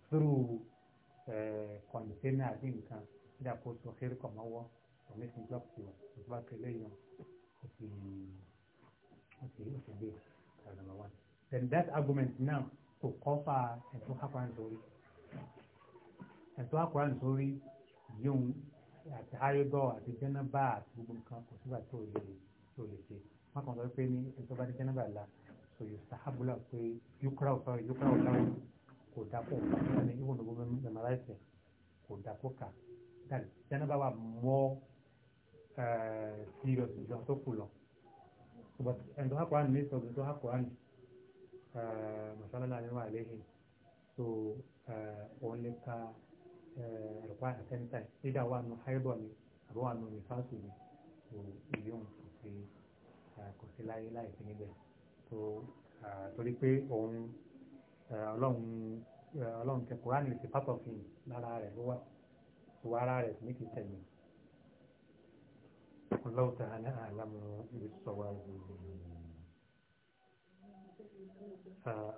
polo glove kọ̀ǹtẹ́nà àbí nǹkan nígbà kó so xeré kọ̀ mọ́wọ́ òní ti gbọ́ pé o bá kẹlẹ́ yàn o ti o ti o ti gbé kàrà nàmbà wán. then that argument now to cover ẹ̀tọ́ akọ̀rán sórí ẹ̀tọ́ akọ̀rán sórí yóò àti ayébọ̀ àti jẹ́nàbà àti gbogbo nǹkan kò sígbà tó o lè tó o lè ṣe wọn kàn sọ pé ní ẹ̀tọ́ bá dé jẹ́nàbà la so yóò sàhábùlà pé yóò kọ́ra òfin yóò kọ́ra òfin kò dákò ká wọn ni even though we memorize it kò dákò ká that janaba wa more uh, serious ju àwọn tó kù lọ but ẹni tó hàkọ́ àná ní sọ̀rọ̀ tó hàkọ́ àná masalala ni wa alehi so òun lè ka ẹ̀rọ̀pá àtẹ́ntà ìdá wa nù haibọ̀ ni àbọ̀ wa nù nífàsù ni so èyí òun kò sí kò sí láyé láì sí níbẹ̀ so torí pé òun ọlọ́run tẹ kúránì lè ṣe pápọ̀ fi lára rẹ̀ ló wà wà ara rẹ̀ ní kìí tẹ̀lé ọlọ́ọ̀tà ní àlámù ìṣọ̀wà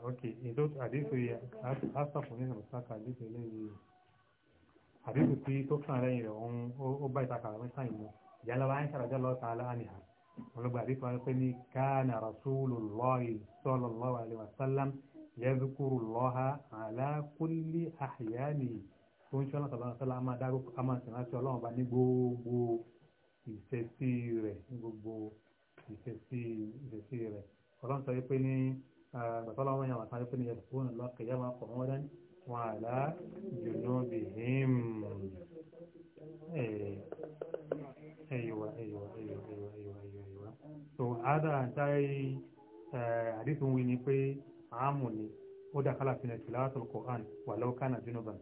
ok èdò àdéhùn yẹ asọ̀fún nínú ìsáka àdéhùn eléyìí àdéhùn tí tó kàn lẹ́yìn rẹ̀ òun ó bá ìtaka àwọn sáyìn mu ìyálà wa ń ṣàròjọ́ lọ́ta aláàníhà ọlọ́gbà àdéhùn wa pé ní káà yẹ́dúkúrú lọ́ha alákúlé àyáni tó ń ṣọ́nà sọ̀rọ̀ sọ́lá máa dárúkọ a máa sìnrán sí ọlọ́run bá ní gbogbo ìṣesí rẹ̀ ní gbogbo ìṣesí ìṣesí rẹ̀ ọlọ́run sọ wípé ní ọ̀sọ́lọ́run yàrá sọ wípé ní yẹ́dúkúrú lọ́kẹ̀ yẹ́ máa kọ̀ wọ́n dání wọn àlá jùlọ bì hím ẹ̀yọ̀wà ẹ̀yọ̀wà ẹ̀yọ̀wà ẹ̀yọ̀wà ẹ̀yọ̀wà so àádọ́ àǹtáyé àdìsùn wí ni pé àámù ni ó dá kálá fi nàìjíríà láti lọ kọ̀ọ̀án wà lọ́wọ́ kánà jùnúbà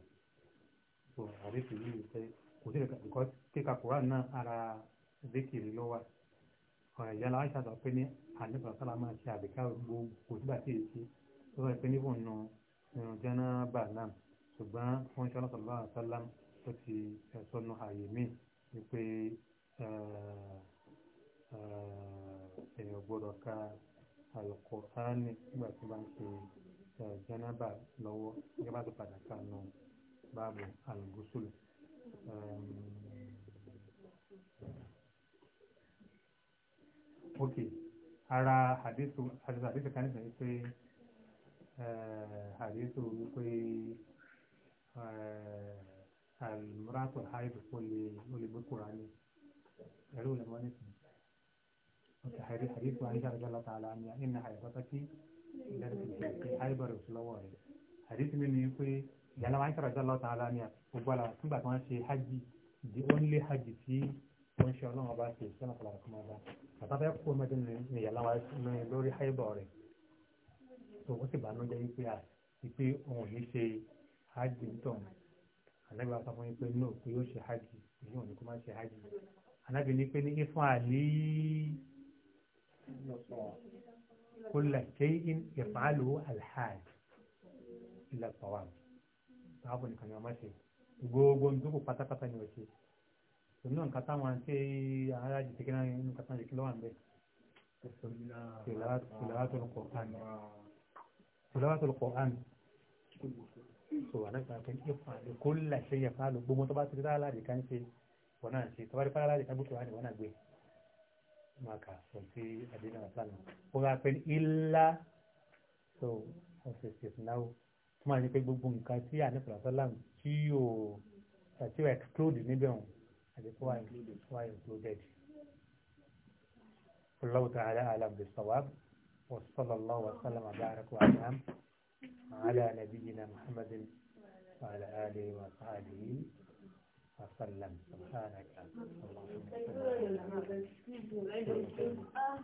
so àdéhùn yìí pé kò sí ìka ìkọ́ kíka kùrán náà ara zikiri ló wà ọ̀rọ̀ ìyá aláṣà sọ pé ní àníbà sálà máa ṣe àbíká gbogbo kò sígbà tí èsì tó sọ pé níbò nù irun alukur'ani nígbà tí wọ́n ṣe jẹ́nẹ́bà lọ́wọ́ gẹ́gẹ́ bá ti padà sànù báàbù alùgúsùlù. ok ara hadithu hadithu kan ní pé hadithu wípé almuratu haidu ó lè gbé kúránì ẹ̀rú lè mọ́ nísìnyí hadithu aisha radiyallahu ta'ala anha inna haibatuki lẹ́rìndínlẹ́rìn haibara lọ́wọ́ rẹ̀ hadithu mi ni pé ìyàlá aisha radiyallahu ta'ala anha gbogbo àlà fúngbà tí wọ́n ṣe hajj di only hajj tí wọ́n ṣe ọlọ́run ọba ṣe sọ́nà kọlá kọmọ ọba bàtà fẹ́ kó mẹ́tẹ́ ní ìyàlá wa lórí haibara rẹ̀ tó ó sì bá nú jẹ́ wípé à wípé òun yìí ṣe hajj nítọ̀ àlẹ́gbà sọ fún yín pé no pé yóò ṣe hajj èyí òun ni kó má ṣe hajj alábìíní pé ní ifá àlíí كل شيء يفعله الحاج إلا الطواف sáàbù nìkan ni wọ́n máa ṣe gbogbo ń dúkù pátápátá ni wọ́n ṣe èmi náà nǹkan táwọn àti ará jìtì kí náà nǹkan táwọn jìtì lọ́wọ́ à ń bẹ̀. tìlàwátòlù kọ̀ọ̀ánì tìlàwátòlù kọ̀ọ̀ánì so wà náà kàn kó làṣẹ yẹ fáàlù gbogbo tó bá ti rí láàrín kan ṣe wọ́n náà ṣe tó bá rí fáàlù láàrín kan gbé Maka, kà sọ sí àdínà sànà ó so ọ̀sẹ̀ ṣèṣìnáwó tó ni pegi pé kasi, ane tí àníkùnrin sọ́lá tí yóò eh, tí yóò exclude níbẹ̀ wọn àti kó wà included. والله تعالى أعلم بالصواب وصلى الله وسلم وبارك وأنعم على نبينا محمد وعلى آله وصحبه وسلم سبحانك اللهم